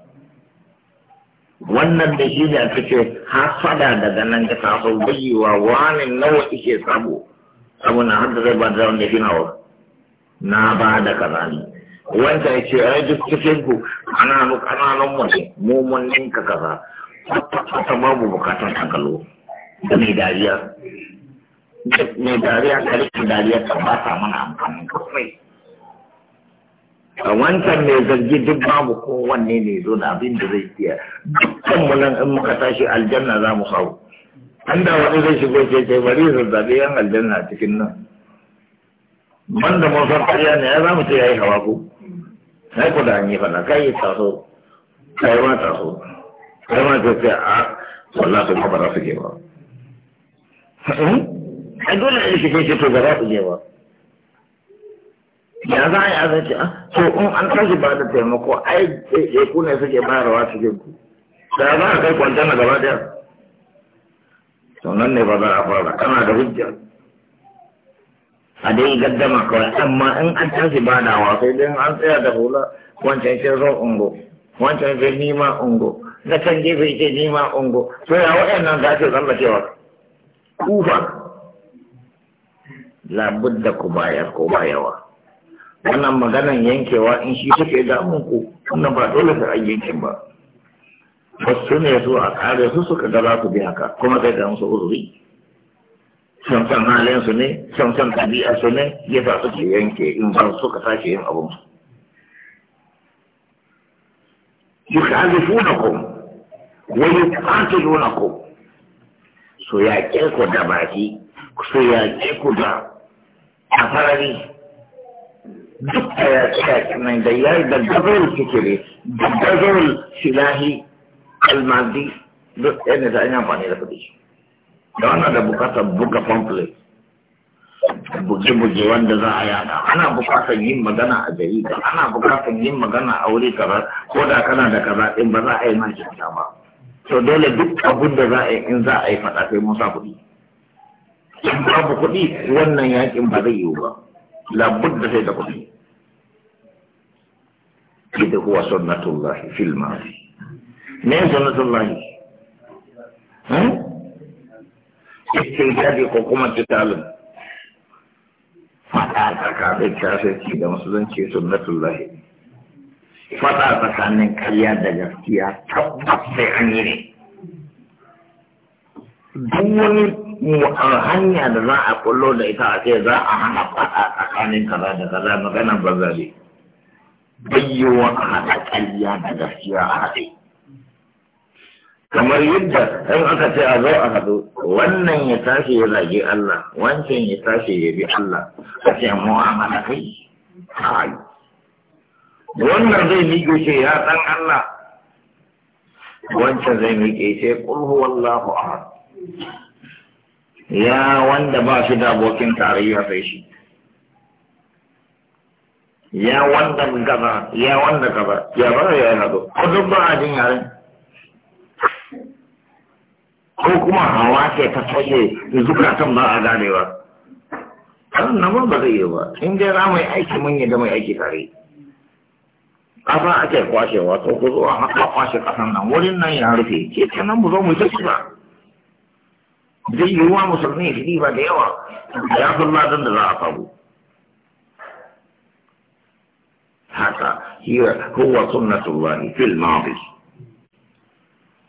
wannan da shi da kake hasada daga nan ga taso bayyewa wani nawa ike sabo abu na da zai ba da wanda shi nawa na ba da kazani. wanda ya ce ai duk cikin ku ana nu kananan mu ne mu mun ninka kaza ta babu bukatun takalo da mai dariya mai dariya kare dariya ta ba ta mana amfanin kawai a wancan mai zargi duk babu kowanne ne zo da abin da zai iya dukkan mu nan in muka tashi aljanna za mu hau an da wani zai shigo ce ce bari zazzabi yan aljanna cikin nan man da mun san ƙarya ne ya za mu ce ya yi hawa ko sai ku da an fana kai yi taso kai ma taso kai ma ta ce a wallahi ba ba za su ke ba hmm? ai dole ne shi kai to gaba ku je ba ya za a yi azanci a ah, to in an tashi ba da taimako ai ɗaiɗaiku eh, eh, ne suke bayarwa su ku da za a kai kwanta na gaba ɗaya to nan ne ba za a fara kana da hujja a dai gaddama kawai amma in an tashi ba da wasai don an tsaya da hula wancan shi zo ungo wancan shi nima ungo na can gefe shi nima ungo to ya waɗannan za ke zama cewa kufa labudda ku bayar ko bayawa wannan maganan yankewa in shi take damun ku wannan ba dole sai an yankin ba wasu ne su a kare su suka ga za su bi haka kuma sai da musu uzuri san san halin su ne san san ɗabi'ar su ne ya sa suke yanke in ba su suka sake yin abun su yukhalifunakum wa yuqatilunakum su ke ku da baki ya ke ku da a farari duk da ya tsaya nan da ya da gabarul fikiri da gabarul silahi almadi duk ɗaya ne da an yi amfani da kuɗi da wannan da bukatar buga pamphlet buge-buge wanda za a yada ana bukatar yin magana a jarida ana bukatar yin magana a wuri kaza ko da kana da kaza din ba za a yi ma kyauta ba to dole duk abin da za a yi in za a yi faɗa sai mun sa kuɗi in babu kuɗi wannan yakin ba zai yiwu ba labud da sai da kuɗi kida huwa sunnatullahi fil mafi. me sunnatullahi hmm? istidadi ko kuma kitalun fada tsakanin kafirci da musulunci sunnatullahi fada tsakanin karya da gaskiya tabbas sai an yi ne duk wani hanya da za a kullo da ita a ce za a hana faɗa tsakanin kaza da kaza maganar ba ne. bayyowa a haɗa ƙarya da gaskiya a haɗe kamar yadda in aka ce a zo a haɗu wannan ya tashi ya zage Allah wancan ya tashi ya bi Allah a ce mu'amala kai kai wannan zai miƙe ce ya ɗan Allah wancan zai miƙe ce ƙulhu wallahu ahad ya wanda ba shi da abokin tarayya sai shi ya wanda kaza ya wanda kaza ya ba ya yi hado ko duk ba a jin yaren ko kuma hawa ke ta tsaye zukatan ba a ganewa kan nan ba zai yi ba in dai za mu yi aiki mun yi da mai aiki tare ƙasa ake kwashewa to ku zo a haka kwashe ƙasan nan wurin nan ya rufe ke nan mu zo mu yi ta ba zai yi wa musulmi shi ba da yawa ya san ladan da za a samu haka hiya huwa sunnatullahi fil madi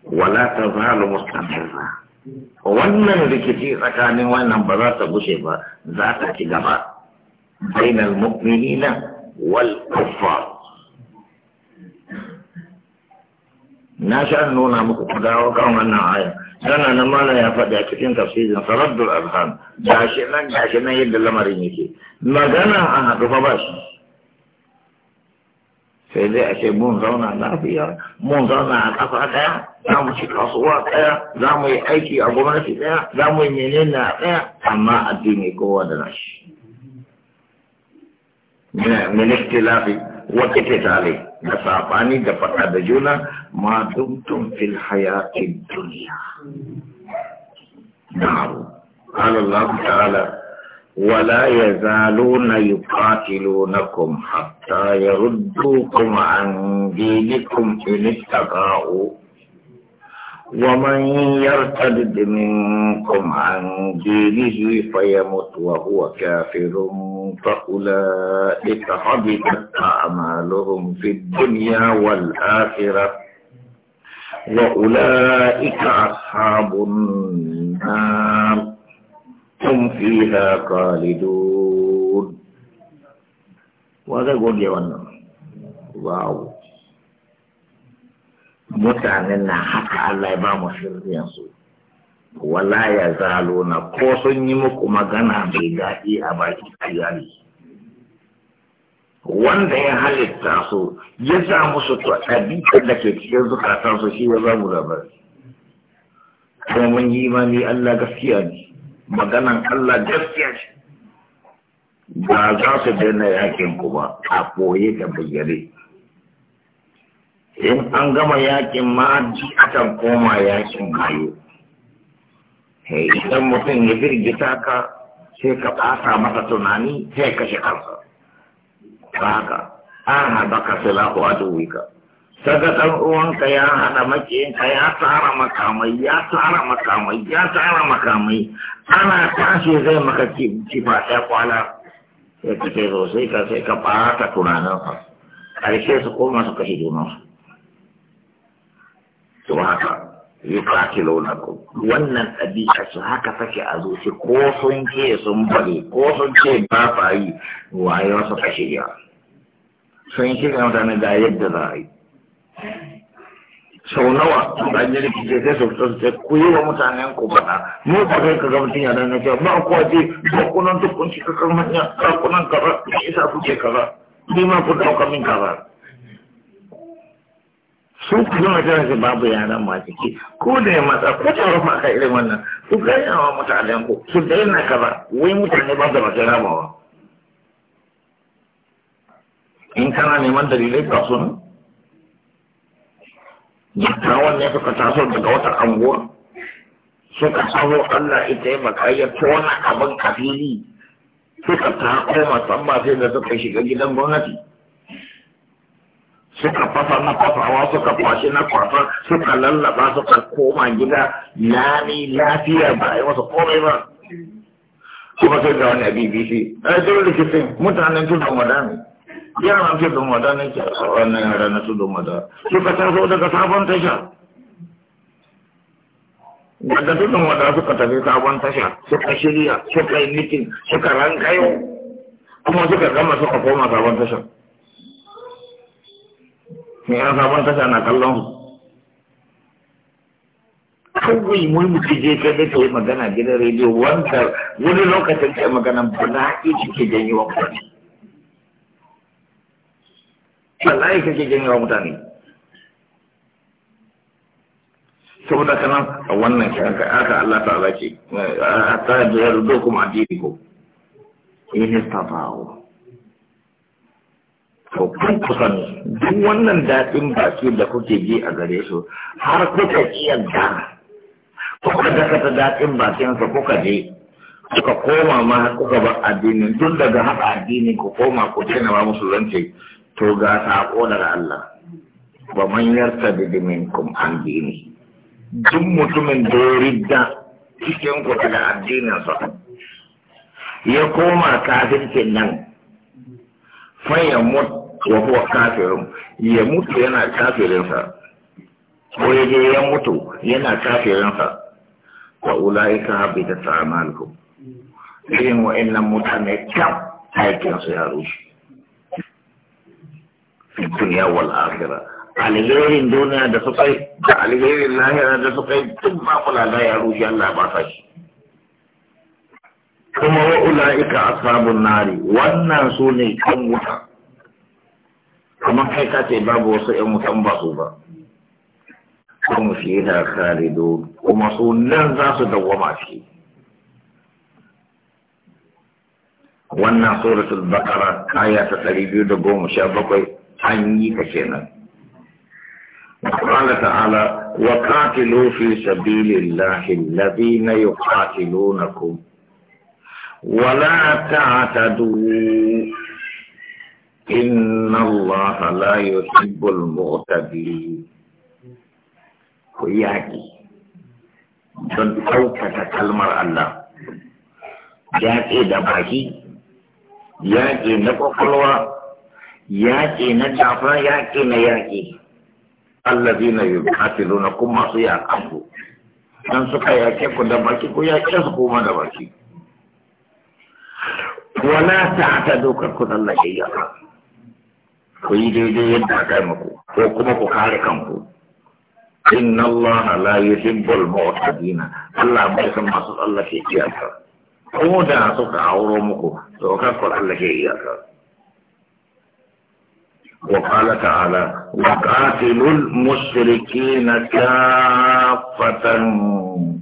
wala tazalu mustamirra wannan rikici tsakanin wannan ba za ta bushe ba za ta ci gaba bainal mu'minina wal kuffar na sha nuna muku ku dawo kan wannan aya tana na mana ya faɗi a cikin tafsirin saraddul azhan gashi nan gashi nan yadda lamarin yake magana a haɗu fa ba shi sai dai a ce mun zauna lafiya mun zauna a ƙafa ɗaya za mu ci kasuwa ɗaya za mu yi aiki a gwamnati ɗaya za mu yi menene a ɗaya amma addini kowa da nashi min ikhtilafi wa kitali da saɓani da faɗa da juna ma dumtum fil hayatin dunia. naru Allah Ta'ala ولا يزالون يقاتلونكم حتى يردوكم عن دينكم إن استطاعوا ومن يرتد منكم عن دينه فيمت وهو كافر فأولئك حبطت أعمالهم في الدنيا والآخرة وأولئك أصحاب النار هم فيها خالدون وهذا قول واو Mutane na haka Allah ya ba mu sirriyansu wala ya zalo na ko sun yi muku magana bai daɗi a baki iyali wanda ya halitta su ya sa musu ɗabi'ar da ke cikin su shi ya za mu labari kuma mun yi imani Allah gaskiya ne maganan Allah gaskiya ce ba za su daina yakin ku ba a koye da bayyane in an gama yakin maji akan koma yakin mayu idan mutum ya firgita ka sai ka ɓata masa tunani sai kashe kansa ta haka an haɗa ka silahu a duwika Saga ɗan uwanka ya haɗa makiyinka ya tsara makamai ya tsara makamai ya tsara makamai ana tashi zai maka kifa ɗaya kwana sai ka ce sosai ka sai ka ɓata tunaninsa ƙarshe su koma su kashe junansu kuma haka yi kakilo na ku wannan ɗabi'a su haka take a zuci ko sun ce sun bari ko sun ce ba fa yi waye wasu ka shirya sun shirya mutane ga yadda za a yi sau nawa an yi rikice sai su fito su ce ku yi wa mutanen ku faɗa mu ba kai ka gama mutum ya dan ce ba ku ce ba ku nan duk ka kan hanya ba ku nan kaza isa ku kuke kaza ni ma ku dauka min kaza sun kuma magana su babu yaran ma ciki ko da ya matsa ko ta rufa aka irin wannan ku gaya wa mutanen ku su daina kaza wai mutane ba da ba ba ramawa. in kana neman dalilai ka sun dattawan ne suka taso daga wata anguwa suka taso Allah ita ya maka ya tona abin kafiri suka ta koma san sai da suka shiga gidan gwamnati suka fasa na fasawa suka kwashe na kwafa suka lallaba suka koma gida lami lafiya ba a yi masa komai ba kuma sai ga wani abibi shi a yi da kitin mutanen tudun wadani yaran tudun wadani ke wannan yara na don wada suka taso daga sabon tasha daga don wada suka tafi sabon tasha suka shirya suka yi mitin suka rankayo kuma suka gama suka koma sabon tasha sai an sabon tasha na kallon su kawai mun mutu je kai da kai magana gidan rediyo wanda wani lokacin kai magana bana na yi janyi wa mutane wallahi kike janyi wa mutane saboda kana a wannan kanka aka Allah ta'ala ce hatta yardukum adinikum in istata'u to kun kusan duk wannan daɗin baki da kuke ji a gare su har kuka iya da kuka dakata daɗin bakinsa kuka je kuka koma ma kuka ba addinin tun daga haɗa addini ku koma ku daina ma musulunci, to ga saƙo daga Allah ba man yarta da minkum an dini duk mutumin da ya ridda cikin ku daga addininsa ya koma kafin nan fayyamut wa huwa kafirun ya mutu yana kafirinsa ko ya je ya mutu yana kafirinsa wa ulaika habitat a'malukum irin wa'annan mutane kan aikinsu ya rushe fi duniya wal akhirah alherin duniya da suka yi da alherin lahira da suka yi duk ba kula da ya rushe Allah ba sa shi kuma wa ulaika ashabun nari wannan su ne kan wuta kamar kai ka ce babu wasu ‘yan wutan ba su ba kuma shi da khalidu kuma su nan za su dawwama shi wannan suratul bakara aya ta ɗari biyu da goma sha bakwai an yi ka kenan قال ta'ala wa في fi sabilillahi الذين yuqatilunakum ولا تعتدوا إن الله لا يحب المغتدين وياكي don ɗaukaka kalmar Allah yaƙe da baki yaƙe na ƙwaƙwalwa yaƙe na tafa yaƙe na yaƙe Allah zai na yukatilu na kuma masu yaƙan ku dan suka yaƙe ku da baki ku yaƙe su kuma da baki wala ta ta dokar ku Allah ya yaƙa ku yi daidai yadda aka yi maku ko kuma ku kare kanku inna Allah la yuhibbul mu'tadina Allah bai san masu tsallake iyaka ko da suka auro muku to kar ku tsallake iyaka وقال تعالى وقاتلوا المشركين كافة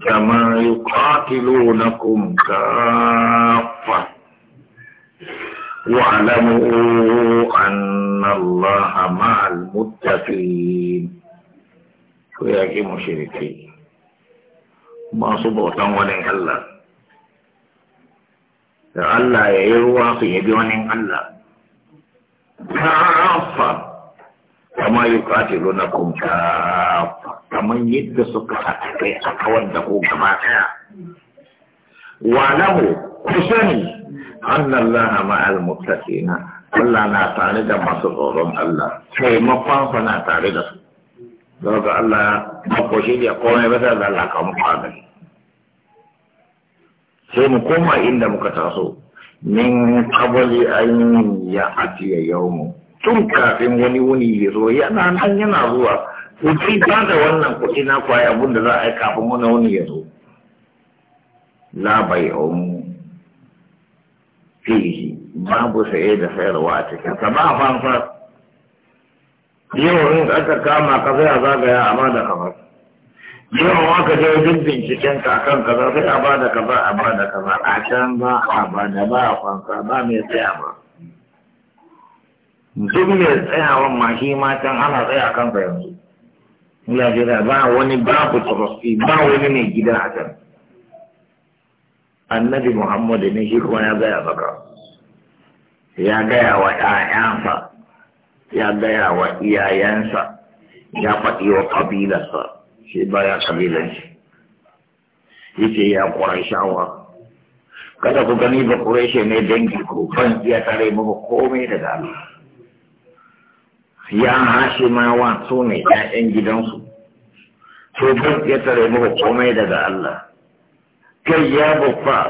na يقاتلونكم كافة واعلموا أن الله مع المتقين شوية كي مشركين ما صبوتا ولن الله Allah ya yi ruwa su yabi wani Allah, kafa, kama yi kwace luna kuma kaman yadda suka haka kai aka wanda ku gaba ɗaya. Wa ku sani, أن ma مع Allah na tare da masu tsoron Allah taimakon na tare da su daga Allah ya shi ya komai ba sai Allah ka mu fada sai mu koma inda muka taso min qabli an ya atiya yawmu tun kafin wani wuni ya zo yana nan yana zuwa ku ci ba da wannan kuɗi na kwaya abin da za a yi kafin wani wuni ya zo la omu fihi babu saye da sayarwa a cikin ka ba fansa yau in aka kama ka sai a zagaya a bada kamar yau ma ka je wajen binciken ka akan kaza sai a bada kaza a bada kaza a can ba a bada ba a fansa ba mai tsaya ba duk mai tsayawan ma shi ma can ana tsaya kansa yanzu ya jira ba wani babu tsofaffi ba wani mai gida a can annabi muhammadu ne shi kuma ya gaya baka ya gaya wa ƴaƴansa ya gaya wa iyayensa ya faɗi wa ƙabilarsa shi baya ƙabilar shi yace ya ƙurashawa kada ku gani ba ƙurashe ne dangi ko ban iya tare muku komai da dama ya hashe ma wa su ne ƴaƴan gidansu to ban iya tare muku komai daga Allah kai ya babba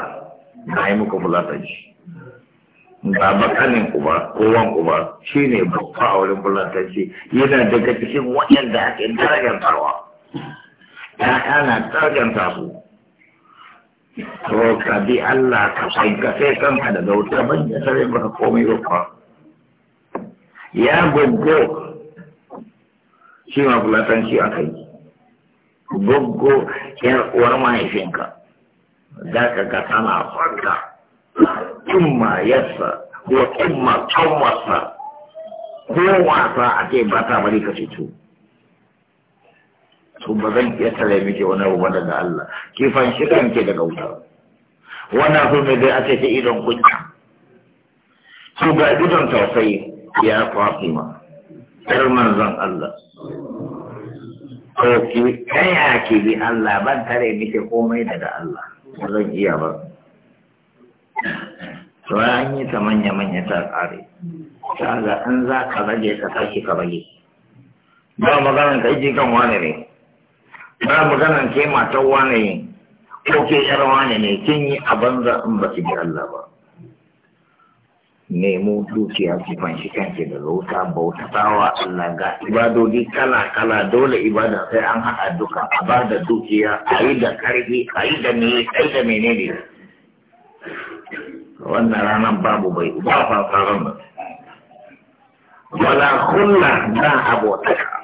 na yi muku bulatanci ba bakanin ku ba kowan ku ba shi ne babba a wurin bulatanci yana daga cikin waɗanda ake darajantarwa ya'ya na darajanta su to ka bi Allah ka sai kanka daga wuta ban ya sare maka komai ba ya goggo shi ma fulatan shi kai gogo ya yar uwar mahaifinka za ka ga tana fanka cimma yasa ko cimma kanwarsa ko wasa a ce ba ta bari ka fito to ba zan iya tare miki wani abu daga Allah ki fanshi ke daga wuta wannan su ne dai ake ce idon kunya su ga idon tausayi ya fatima yar manzon Allah ko ki kaya ki bi Allah ban tare miki komai daga Allah ba zan iya ba to an yi ta manya-manya ta ƙare ta ga an za ka rage ka sake ka rage ba maganan ka iji kan wane ne ba maganan ke matan wane ne ko ke yar wane ne kin yi a banza in ba su bi Allah ba nemo dukiya su fanshi kanki da wuta bautatawa Allah ga ibadodi kala kala dole ibada sai an haɗa duka a ba da dukiya a yi da karfi a yi da mene a yi da ne wannan ranar babu bai ba fara nan wala kulla na abotaka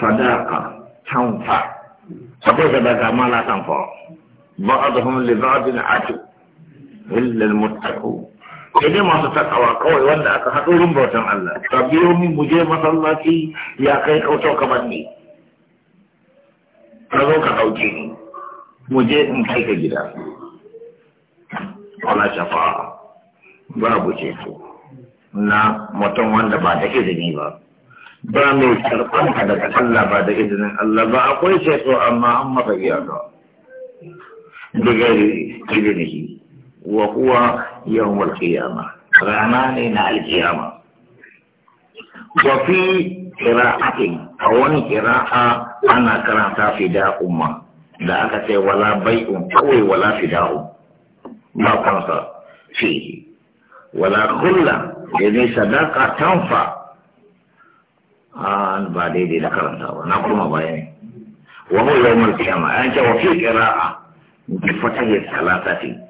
sadaka tanfa sabo sadaka ma la tanfa ba'aduhum li ba'din atu illa al-muttaqun ne masu takawa kawai wanda aka haɗo rin bautan Allah ka biyo min mu je masallaci ya kai kautar kamar ni ka zo ka ɗauke ni mu je in kai ka gida wala shafa babu ceto na mutum wanda ba da izini ba ba mai karɓar ka daga Allah ba da izinin Allah ba akwai ceto amma an maka iyaka daga izinihi wa kuwa yau wata yama rana ne na alkiyama wafi kira'atin a wani kira'a ana karanta fida umma da aka ce wala bai'un kawai wala fida um ba kansa wala kulla da ne sadaka tanfa an ba daidai na karanta ba na kuma bayani wa mu yau mulki yama an ce wafi kira'a fatahiyar talatati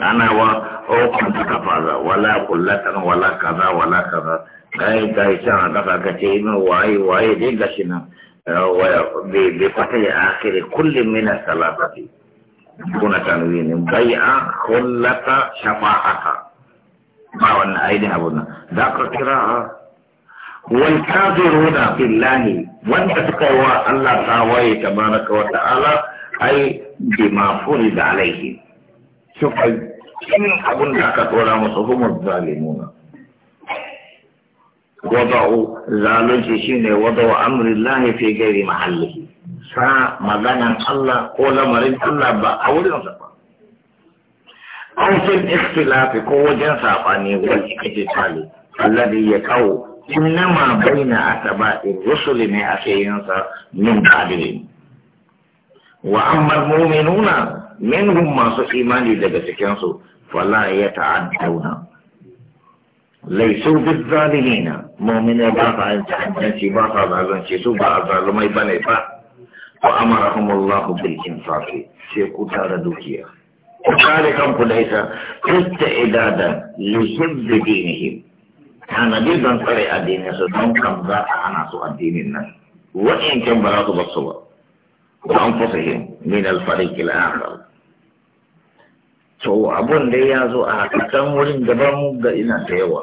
ana wa okun oh, ta kafaza wala kullatan wala kaza wala kaza kai ta can na kasa ka ce min waye waye dai gashi nan eh, bai fata ya akiri kullum mina salatati kuna tanwini bai'a kullata shafa'ata ba wannan ainihin abu nan za ka kira wal kafiruna billahi wanda suka wa Allah waye tabaraka wa ta'ala ai bima furida alaihi suka yin abin da aka tsora musu humar zalimuna wada'u zalunci shine wada'u amrillahi fi gairi mahallihi sa maganan Allah ko lamarin Allah ba a wurin sa ba an fil ikhtilafi ko wajen sabani wal ikhtilali alladhi yaqau innama baina asba'i rusul ne ake yin min qabilin wa amma mu'minuna منهم ما سو إيماني دقا سكينسو فلا يتعدون ليسوا بالظالمين مؤمن باطا يتحدث باطا ظالم شيسو باطا ظالم يبني با وأمرهم الله بالإنصاف سيكو تاردوكيا وذلكم ليس استعدادا لحفظ دينهم أنا جدا طريق الدين يسدون كم ذات أنا سوء الدين الناس وإن كان براءة بالصور وأنفسهم من الفريق الآخر to abun da ya zo a kan wurin gaban ga ina da yawa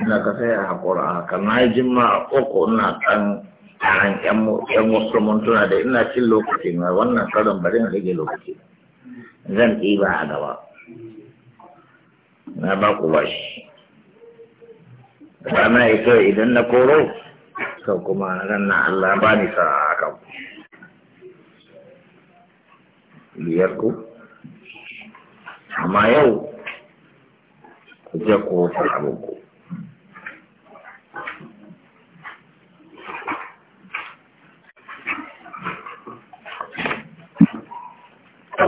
ina ka sai a haƙura a haka jin ma uku ina kan taron yan wasu tuna da ina cin lokaci na wannan karon bari na rage lokaci zan ɗiba a gaba na ba ku ba shi rana ya kai idan na koro sau kuma na Allah ba ni sa a kan ku amma yau ku je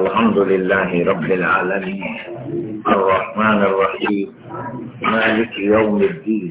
الحمد لله رب العالمين الرحمن الرحيم مالك يوم الدين